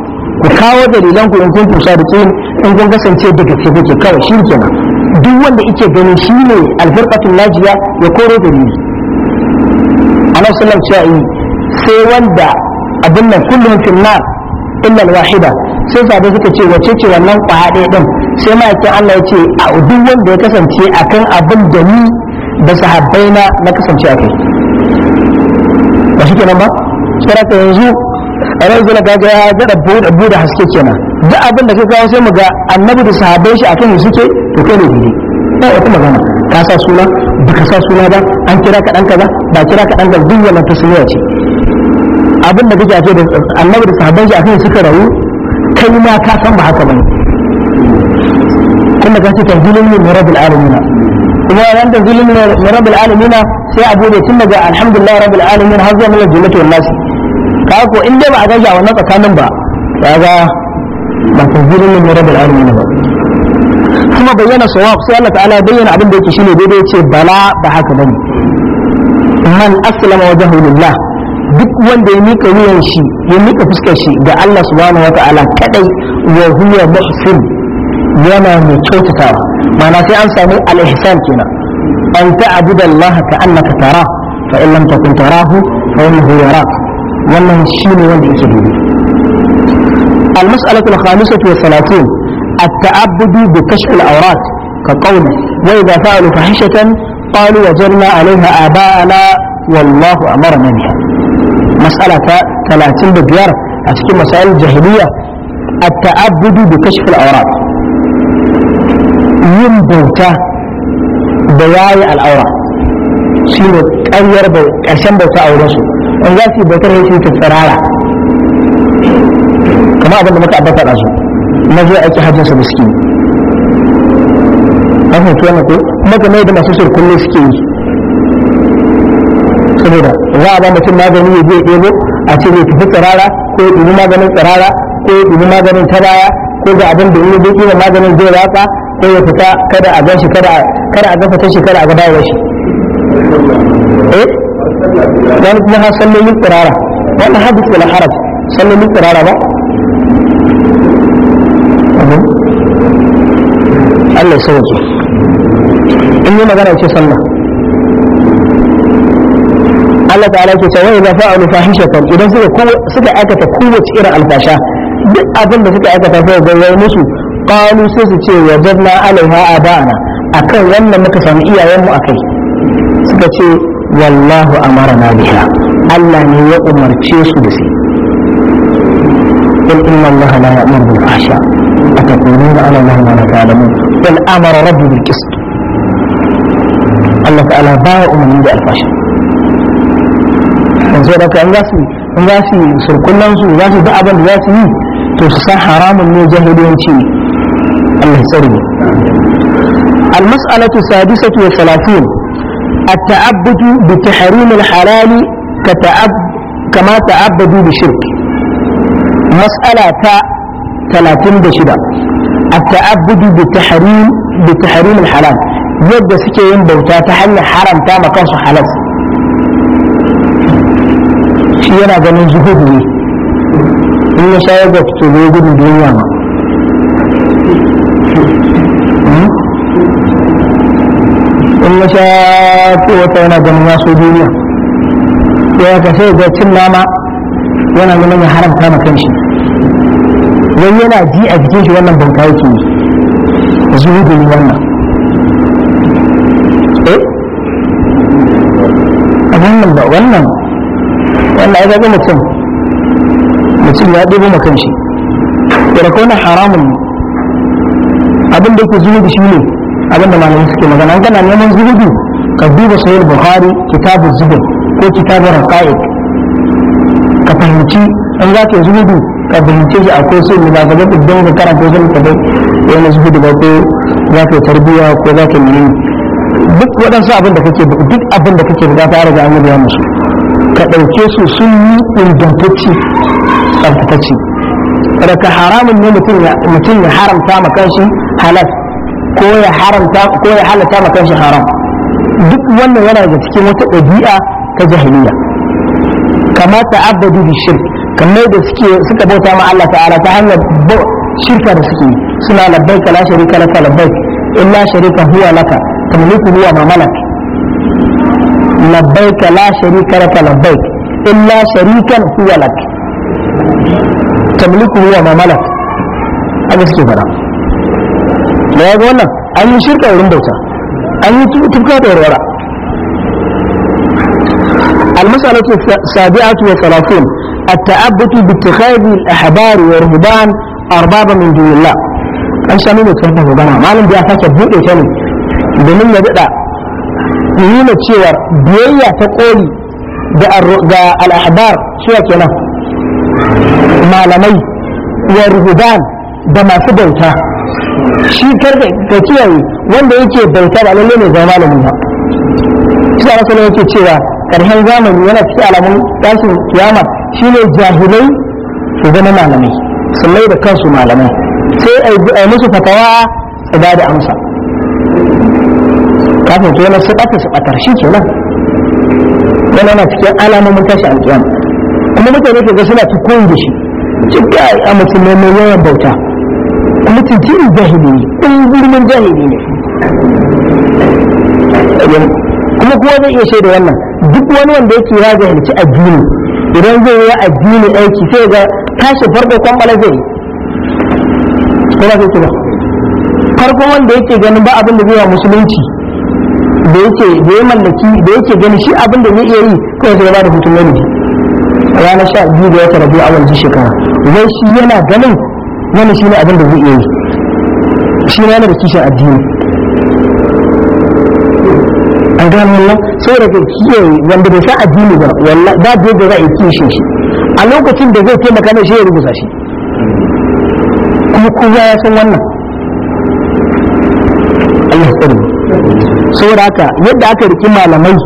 وكاوا دليلانكم ان كنتم صادقين ان كنتم كسانتي دك كيف كيف كاوا شي كان duk wanda ike ganin shi ne alfarkatun najiya ya koro dalili ana sallam cewa yi sai wanda abin nan kullum finnar illa wahida sai sabai suka ce wace ce wannan kwaya ɗaya ɗin sai yake Allah ya ce a duk wanda ya kasance akan abin da ni da sahabbai na na kasance a ba shi kenan ba saboda yanzu ran ga ga ya gada buɗe haske kenan duk abin da ka kawo sai mu ga annabi da sahabbai shi akan suke to kai ne gidi ko wata magana ka sa suna baka sa suna ba an kira ka dan kaza ba kira ka dan kaza duk wannan tasmiya ce abin da kake da annabi da sahabban shi akan suka rayu kai ma ka san ba haka bane kuma ka ce tanzilin min rabbil alamin kuma ran tanzilin min rabbil alamin sai abu da tun daga alhamdulillah rabbil alamin har zuwa min jannati wal nasi ka ko in dai ba a gaja wannan tsakanin ba kaga ba tanzilin min rabbil alamin ba kuma bayyana sawab sai Allah ta'ala bayyana abin da yake shine daidai ce bala ba haka bane man aslama wajhu lillah duk wanda ya mika wuyan shi ya mika fuskar shi ga Allah subhanahu wa ta'ala kadai wa huwa muhsin yana mai kyautatawa ma'ana sai an samu al-ihsan kenan an ta'budu Allah ka'annaka tara fa in lam takun tarahu fa innahu yarak wannan shine wanda yake daidai المسألة الخامسة والثلاثون التعبد بكشف الاوراق كقوله وإذا فعلوا فاحشة قالوا وجرنا عليها آباءنا والله أمرنا بها مسألة 30 بجار أسكي مسائل الجاهلية التعبد بكشف الأورات ينبوتا بياي الاوراق شنو كأير بي أشان بوتا أورسو وإذا سيبوتا هي سيتفرارا كما أظن متعبتا الأزول na zai aiki hajjinsa da suke yi an fahimci wannan ko kuma game da masu shirk kullum suke yi saboda za a ba mutum magani ya je ɗebo a ce ya tafi tsirara ko ya ɗumi maganin tsirara ko ya ɗumi maganin ta baya ko ga abin da ya ɗibi maganin zai ratsa ko ya fita kada a gan shi kada a gafa fitar shi kada a gaba wa shi eh dan kuma har sallolin tsirara wannan hadis wala haraj sallolin tsirara ba Allah ya sauke in yi magana ce sallah Allah ta'ala ke cewa idza fa'alu fahishatan idan suka suka aikata kowace irin alfasha duk abin da suka aikata sai ga yayi musu qalu sai su ce wajadna alaiha abana akan wannan muka samu iyayenmu akai suka ce wallahu amarna biha Allah ne ya umarce su da shi قل إن الله لا يأمر بالفحشاء أتقولون على الله ما لا تعلمون بل امر ربي بالكسر الله تعالى باء من عند الفشل ان da ان ga ان ga ان surkullan ان ga ان da ان za ان yi ان su ان haramun ان jahiliyanci ان sani ان السادسة ان التعبد ان الحلال كتعب كما تعبدوا بالشرك مسألة ثلاثين بشدة التعبد بتحريم بتحريم الحلال يبدا سكي ينبوتا تحل حرام تام كان حلال شي انا من زهود لي ان شاء الله تقتلوا من الدنيا ما ان شاء الله تقتلوا من الدنيا يا كسيد يا تشلاما وانا من حرام تام كان شي idan yana ji a jikin shi wannan banka yake yi zuhudu ne wannan eh wannan ba wannan wannan ya zaga mutum mutum ya ɗebo ma kanshi yarko na haramun abin da yake zuhudu shi ne abin da malamai suke magana an gana neman zuhudu ka duba sahih bukhari kitabu zubur ko kitabu raqa'iq ka fahimci in za ka zuhudu kabilce shi akwai so ne ba ka zaka don ka karanta shi ka dai yana zuwa da ko za ka tarbiya ko za ka yi duk waɗansu abin da kake duk abin da kake bukata ya riga an yi musu ka ɗauke su sun yi ingantacci tsarkakacci daga haramun ne mutum ya haramta ma kanshi halal ko ya haramta ko ya halatta ma kanshi haram duk wannan yana daga cikin wata ɗabi'a ta jahiliya kama ta'abbadu bi shirk kamar da suke suka bauta ma Allah ta'ala ta hanyar shirka da suke suna labbaika la sharika laka labbaik illa sharika huwa laka tamliku huwa ma malak labbaika la sharika laka labbaik illa sharikan huwa lak tamliku huwa ma malak haka suke fara da ya ga wannan an yi shirka wurin bauta an yi tufka da warwara المسألة السابعة وثلاثون التأبت باتخاذ الأحبار والرهبان أربابا من دون الله أن شاء الله يتفهم هذا ما لم يأفاك بوئة ثاني بمن يدئ يقول تشير بيئة تقول الأحبار شو كنا ما لمي والرهبان بما سبوتا shi karfe ka kiyaye wanda yake bauta ba lalle ne zama malamin ba sai Allah sai yake cewa karshen zamani yana cikin alamun shine jahilai su zama malamai su mai da kansu malamai sai a yi musu fatawa su ba da amsa kafin ke nan su ɓata su ɓatar shi kenan yana na cikin alamomin tashi alƙiyam kuma mutane ke ga suna tukun da shi cikin a musulmai mai yawan bauta kuma tuntunin jahili ne ƙungurmin jahili ne kuma kuwa zai iya shaida wannan duk wani wanda yake ya jahilci addini idan zai yi addini aiki sai ga tashi farko kwambala zai yi kuma sai farko wanda yake ganin ba abin da zai wa musulunci da yake da ya mallaki da yake gani shi abin da zai iya yi ko sai ya da hutun wani ranar sha biyu da wata rabu a wanzu shekara wai shi yana ganin wani shi ne abin da zai iya yi shi ne yana da kishin addini an gano wannan sai da kiyaye wanda bai sa addini ba wallahi ba da yadda za a yi kishin shi a lokacin da zai taimaka mai shi ya rubuta shi kuma kowa ya san wannan Allah ya tsari saboda haka yadda aka riki malamai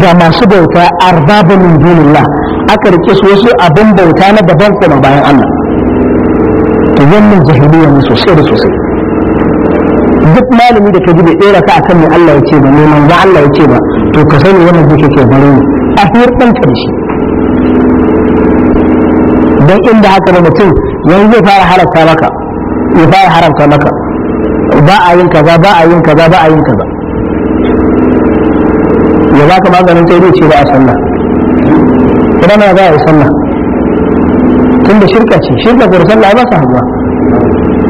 ga masu bauta arbaba min dunillah aka rike su wasu abin bauta na daban kuma bayan Allah to wannan jahiliya ne sosai da sosai duk malami da ka ji bai tsera ka a kan Allah ya ce ba ne manzo Allah ya ce ba to ka sani wannan duke ke bare ne a hirɗan ka da shi dan inda haka da mutum yanzu zai fara haramta maka ya fara haramta maka ba a yin kaza ba a yin kaza ba a yin kaza ya za ka maganin sai zai ce ba a sallah kuma na za a yi sallah tunda shirka ce shirka ko da sallah ba sa hawa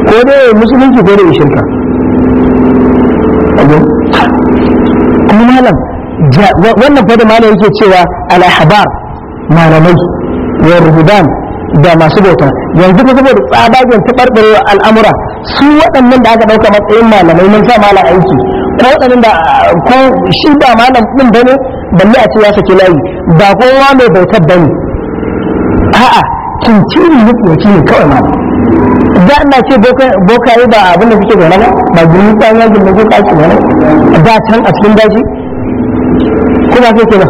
ko dai musulunci ko da shirka gani kuma malam wannan fada malam yake cewa al-ahbar malamai wa da masu bauta yanzu ba saboda tsabagen taɓarɓarewa al'amura su waɗannan da aka ɗauka matsayin malamai mun sa malam aiki ko waɗannan da ko shi ba malam ɗin bane balle a ce ya saki layi ba kowa mai bautar bane a'a cincini ne kuwaci ne kawai ma da na ce bokaye ba abin da suke zaune ba ba gini tsayin yajin da zai tsaki wani da can a cikin daji ko ba ke ba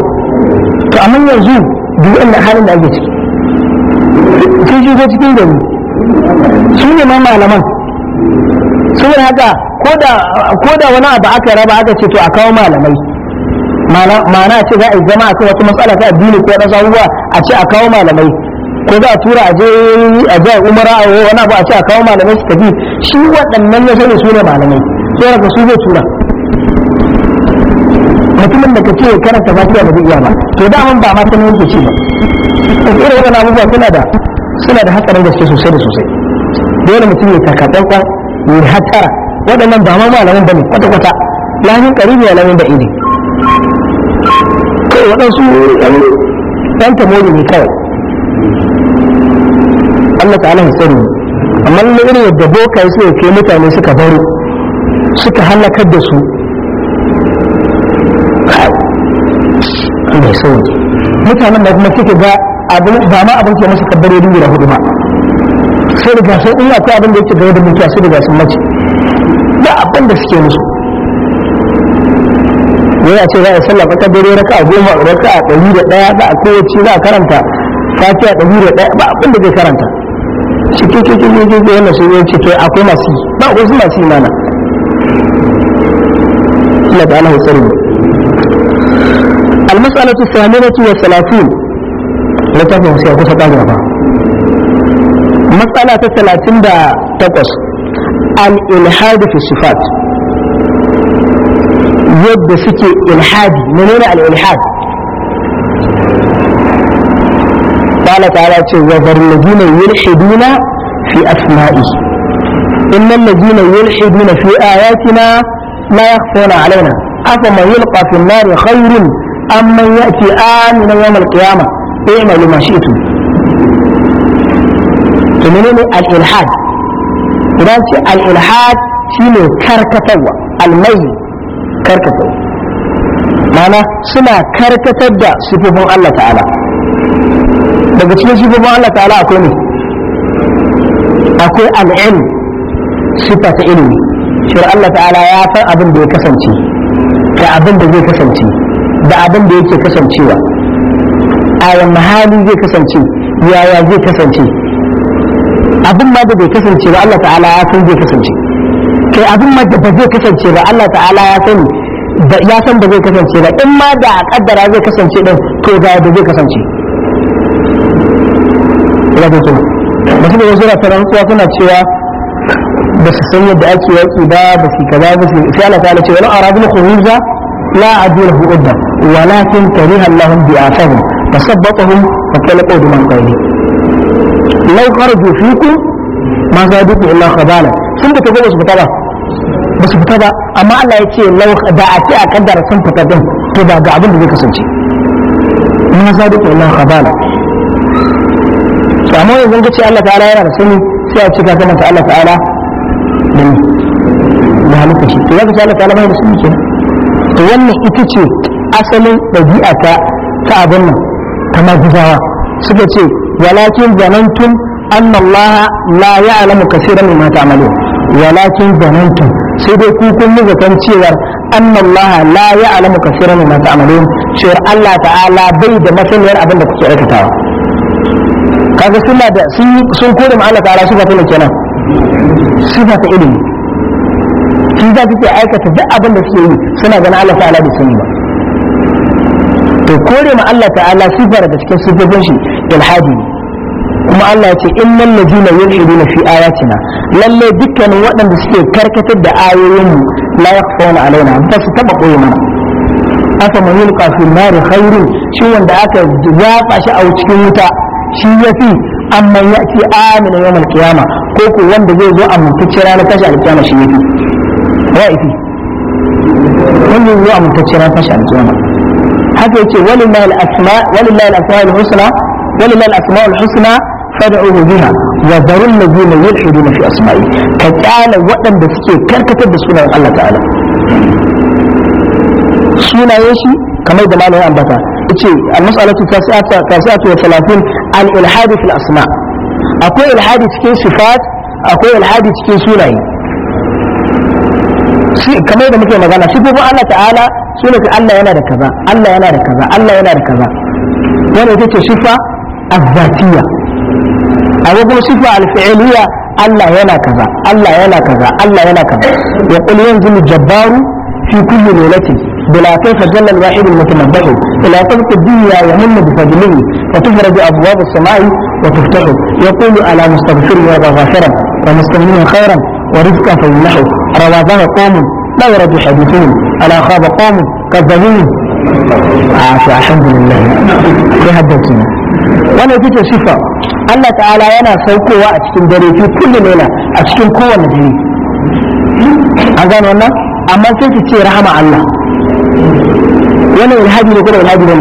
to amma yanzu duk inda halin da ake ciki sun ko cikin gari su ne ma malaman sun haka ko da wani abu aka raba aka ce to a kawo malamai ma'ana ce za a yi zama a kan wata matsala ta addini ko wata abubuwa a ce a kawo malamai ko za a tura a je a je umara a wani abu a ce a kawo malamai su tafi shi waɗannan ya sani su ne malamai sai daga su zai tura mutumin da ka ce karanta fatiha ba da iya ba to da ba ma sanin yake ci ba irin wani abubuwa suna da suna da hatsarin gaske sosai da sosai dole mutum ya taka tsantsan ya hatsara waɗannan ba ma malamin ba ne kwata-kwata lamin ƙaribi ya lamin ba'idi kai waɗansu ɗan tamori ne kawai Allah ta'ala ya sani amma ne irin yadda boka ya suka kai mutane suka baro suka halakar da su Allah ya mutanen da kuma kike ga abin ba ma abin ke musu kabbarori guda hudu ma sai da gasar in akwai abin da yake ga da mutuwa sai da gasar mace ba abin da suke musu wai a ce za a sallah fakar dare raka a goma raka a ɗari da ɗaya za a kowace za a karanta fatiha ɗari da ɗaya ba abin da zai karanta shi ke ke ke ke ke wannan akwai masu ba wasu masu mana Allah ta'ala ya tsare المسألة الثامنة والثلاثون لتفهم سيأكو تقالوا مسألة الثلاثين دا تقص الإلحاد في الصفات يد سكي قال تعالى وذر الذين يلحدون في أسمائه إن الذين يلحدون في آياتنا لا يخفون علينا أفمن يلقى في النار خير أم من يأتي آمنا يوم القيامة اعمل ما شئتم تمنين الإلحاد إذا الإلحاد شنو كركتوا الميل كركتوا معنى سنة كركتوا سبحان الله تعالى daga cikin shugaban Allah ta'ala akwai ne akwai al'ilm sifa ta ilimi shi Allah ta'ala ya san abin da ya kasance da abin da zai kasance da abin da yake kasancewa a wani hali zai kasance yaya zai kasance abin ma da bai kasance ba Allah ta'ala ya san zai kasance kai abin ma da ba zai kasance ba Allah ta'ala ya san ya san da zai kasance ba in ma da a kaddara zai kasance din to ga da zai kasance kula da juna mutum da suna tara mutuwa suna cewa ba su san yadda ake yaki ba ba su kaza ba su sai Allah ta'ala ce wala aradul khuruja la adilahu udda walakin kariha Allahum bi'atahum fasabbatahum fakalaqu biman qawli law kharaju fikum ma zaduku illa khabala sun da kaga su fita ba ba su fita ba amma Allah ya ce law da a ce a kaddara sun fita din to ba ga abin da zai kasance ma zaduku illa khabala to amma yanzu ga ce Allah ta'ala yana da sani sai a cika sanin Allah ta'ala da ni da halitta shi to zaka ce Allah ta'ala bai da sani ke to wannan ita ce asalin dabi'a ta ta abin nan ta maguzawa suka ce walakin zanantum anna Allah la ya'lamu kaseeran mimma ta'malun walakin zanantum sai dai ku kun mu zaton cewar anna Allah la ya'lamu kaseeran mimma ta'malun cewar Allah ta'ala bai da masaniyar abin da kuke aikatawa kaga suna da sun kore ma Allah ta'ala sifa ta kenan sifa ta ilimi shi za suke aikata duk abin da suke yi suna ganin Allah ta'ala da sun to kore ma Allah ta'ala sifa da cikin sifofin shi ilhadi kuma Allah ya ce innal ladina yulhiduna fi ayatina lalle dukkanin waɗanda suke karkatar da ayoyin la yakhfawna alaina ba su taba koyi mana aka mun yulqa fi nari khairun shi wanda aka zafa shi a cikin wuta shi ya fi amma ya ce amina yawon alkiyama ko ko wanda zai zo amintacce ranar tashi alkiyama shi ya fi wa ifi wanda zai zo amintacce ranar tashi alkiyama haka yake walillahi al-asma al-husna walillahi al-asma al-husna fad'uhu biha wa darul ladina yulhiduna fi asma'i ka kyala waɗanda suke karkatar da sunan Allah ta'ala sunayen shi كما يدعى له أن بطا المسألة التاسعة والثلاثين عن إلحاد في الأسماء أكو إلحاد في صفات أكو إلحاد في سنعي كما يدعى مكي مغانا شبه الله تعالى سنة الله ينا ركبا الله ينا ركبا الله ينا ركبا يعني ذات شفة الذاتية أو يقول شفة الفعلية الله ينا كذا الله ينا كذا الله ينا كذا يقول ينزل الجبار في كل ليلة بلا كيف جل الواحد المتنبه إلى طبق الدنيا يهم بفضله فتفرج أبواب السماء وتفتح يقول على مستغفر غافرا ومستغنيه خيرا ورزقا فيمنحه رواه قوم لا يرد حديثهم ألا خاب قوم كذبين عاش الحمد لله في هدتنا وانا تيجي صفة الله تعالى وانا saukowa a cikin كل ليله kullum yana a cikin أنا أما an رحمة الله wannan ilhaji ne ko ilhaji ilhadi ne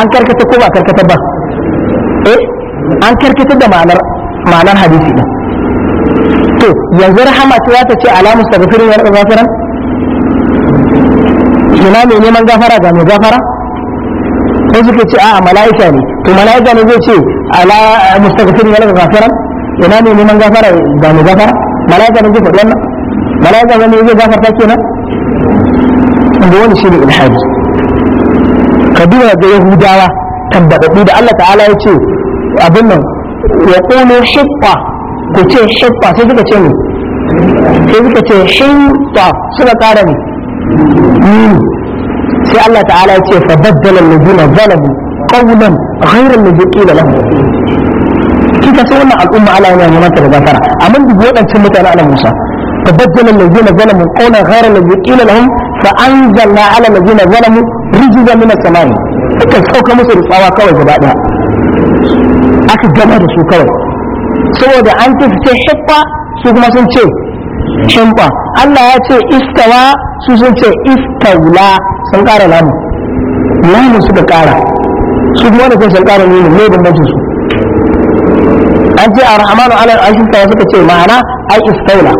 an karkata ko ba karkata ba eh an karkata da ma'anar ma'anar hadisi ne. to yanzu rahama ce za ta ce alamu sabfirin ya rika gafara ina mai neman gafara ga mai gafara ko suka ce a'a mala'ika ne to mala'ika ne zai ce ala mustaghfirin ya rika gafaran ina mai neman gafara ga mai gafara mala'ika ne zai faɗi wannan mala'ika ne zai gafarta kenan wanda wani shine ilhadi ka duba ga yahudawa tabbatattu da Allah ta'ala ya ce abin nan ya qulu hiqqa ku ce hiqqa sai suka ce ne sai suka ce hiqqa suka kara ne sai Allah ta'ala ya ce fa baddala allazina zalamu qawlan ghayra allazi qila lahum kika so wannan al'umma Allah yana neman ta da gafara amma duk waɗancan mutane ana Musa fa baddala allazina zalamu qawlan ghayra allazi qila lahum fa anzalna ala ladina zalamu rijzan min as-samai aka sauka musu da tsawa kawai gaba ɗaya. aka gama da su kawai saboda an ce ce hibba su kuma sun ce hibba Allah ya ce istawa su sun ce istaula sun ƙara lamu lamu suka ƙara su kuma da kun sun ƙara nuna ne bambancin su an ce a rahamanu ala al-ashifa suka ce ma'ana ai istaula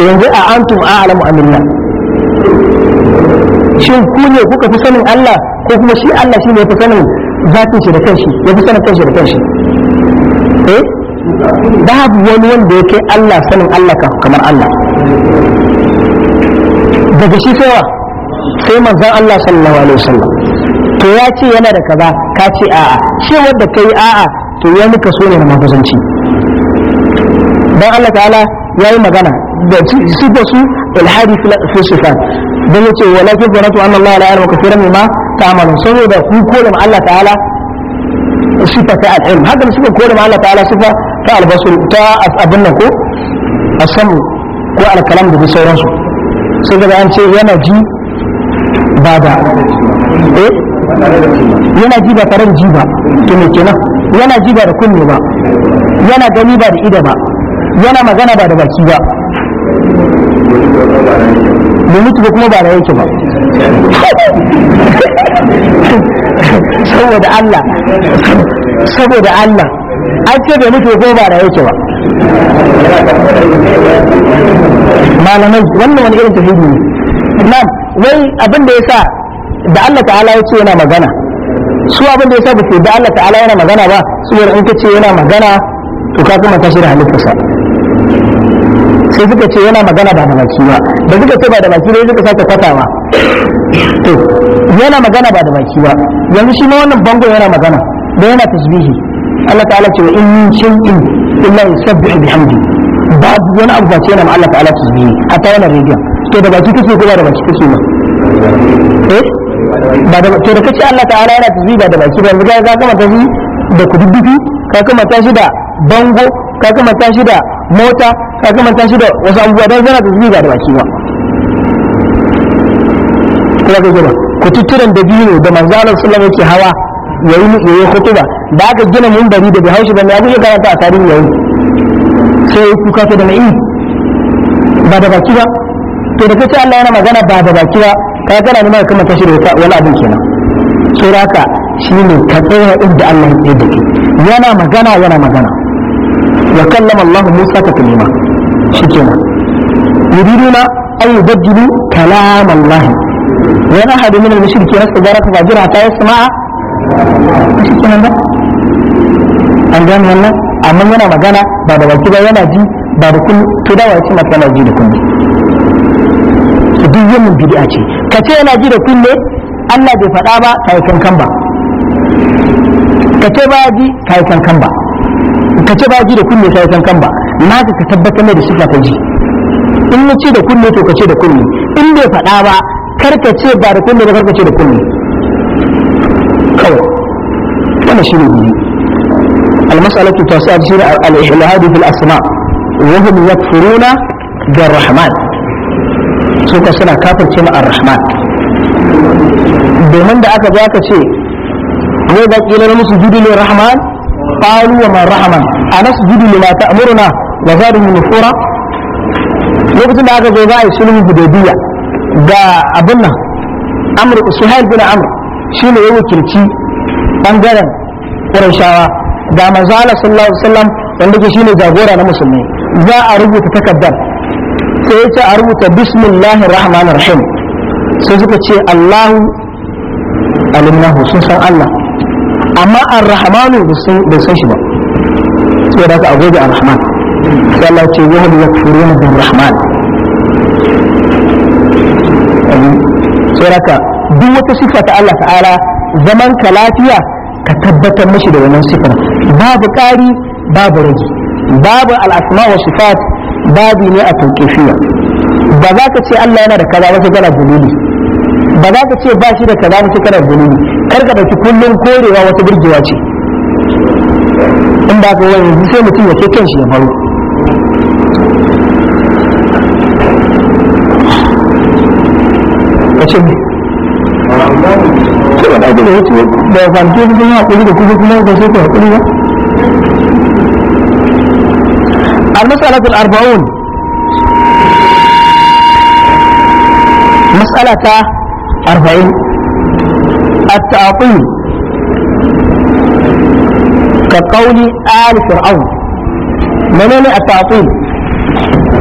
to yanzu a antum a'lamu amilla shin ku ne kuka fi sanin Allah ko kuma shi Allah shi ne ya fi sanin zatin shi da kanshi ya fi sanin kanshi da kanshi eh babu wani wanda yake Allah sanin Allah ka kamar Allah daga shi sai wa sai manzon Allah sallallahu alaihi wasallam to ya ce yana da kaza ka ce a'a ce wanda kai a'a to ya muka so ne na mafusanci dan Allah ta'ala yi magana da su da su ilhadi fi sifat dan yace walakin zanatu anna Allah la ya'lamu kaseeran mimma ta'malun saboda ku kodan Allah ta'ala sifa ta al-ilm da suka kodan Allah ta'ala sifa ta al ta abin nan ko asamu ko al da sauransu sai daga an ce yana ji ba da eh? yana ji ba tare da ji ba to me kenan yana ji ba da kunne ba yana gani ba da ido ba yana magana ba da baki ba mutu ba kuma ba da yake ba saboda Allah saboda Allah an ce da mutu kuma ba da yake ba malamai wannan wani irin tafi ne nan wai abin da ya sa da Allah ta'ala ya ce yana magana su abin da ya sa ba da Allah ta'ala yana magana ba su yana in ka ce yana magana to ka kuma tashi da halittarsa sai suka ce yana magana ba da baki ba da suka ce ba da baki dai suka sake kwatawa to yana magana ba da baki ba yanzu shi ma wannan bango yana magana da yana tasbihi Allah ta'ala ce wa in shay'in illa yusabbihu bihamdi babu wani abu bace ce yana ma Allah ta'ala tasbihi hatta wannan rediyo to da baki kake ko ba da baki kake ba eh? ba da to da kace Allah ta'ala yana tasbihi ba da baki ba yanzu ga ka kama tasbihi da kududdufi ka kama tashi da bango ka ta shi da mota ka ta shi da wasu abubuwa don zana tasbihi ba da baki ba kuma ka gina ku tutturan da biyu da manzo Allah sallallahu alaihi hawa yayi yayi Ba da aka gina munbari da bai haushi ba ya kuke karanta a tarihi yayi sai ku ka da na'i ba da baki ba to da kace Allah yana magana ba da baki ba ka kana ne ma ta shi da wani abin kenan sai haka shine ka tsaya inda Allah ya tsaye da ke yana magana yana magana وكلم الله موسى تكليما شكرا يريدون أن يبدلوا كلام الله وين أحد من المشركين استجارة فاجرة حتى يسمع شكرا أنجان يلا أمان ينا مغانا بعد وجبة ينا جي بعد كل تدا ويسمع كلام جي لكم دي يوم بدي أجي كتير ينا جي لكم الله بفتابة كيفن كمبا كتير ينا جي كيفن كمبا ka ce ba ji da kunne sai san kan ba na ka tabbatar mai da sifa ta ji in ya ce da kunne to ka ce da kunne in bai faɗa ba kar ka ce ba da kunne ba kar ka ce da kunne kawai wannan shi ne biyu المسألة التاسعة تصير الإلحاد في الأسماء وهم يكفرون بالرحمن سوكا سنة كافر كما الرحمن domin da aka za ka ce wai ba ƙila na musu judu ne rahman qalu wa man rahman anasjudu lima ta'muruna wa zadahum nufura lokacin da aka zo za a yi sulhu hudaybiya ga abin nan amr suhail bin amr shine ya wakilci bangaren qurayshawa ga manzo Allah sallallahu alaihi wasallam wanda ke shine jagora na musulmi za a rubuta takaddar sai ya a rubuta bismillahir rahmanir rahim sai suka ce Allahu Allah amma ar-rahmanu bai san shi ba sai da ka agobe ar-rahman sai Allah ce wa hum yakfuruna bil rahman sai raka duk wata sifa ta Allah ta'ala zaman ka lafiya ka tabbatar mashi da wannan sifar babu ƙari babu rage babu al-asma wa sifat babu ne a tawqifiyya ba za ka ce Allah yana da kaza ba sai kana dalili ba za ka ce ba shi da kaza ba sai kana dalili karka dauki kullum korewa wata burgewa ce in ba ka wani sai mutum ya kai kanshi ya faru kace ne ce wani abu da ya ce da ya kwanke da kuma hakuri da kuma kuma ba sai ka hakuri ba المسألة الأربعون مسألة أربعين التعطيل كقول آل فرعون من التعطيل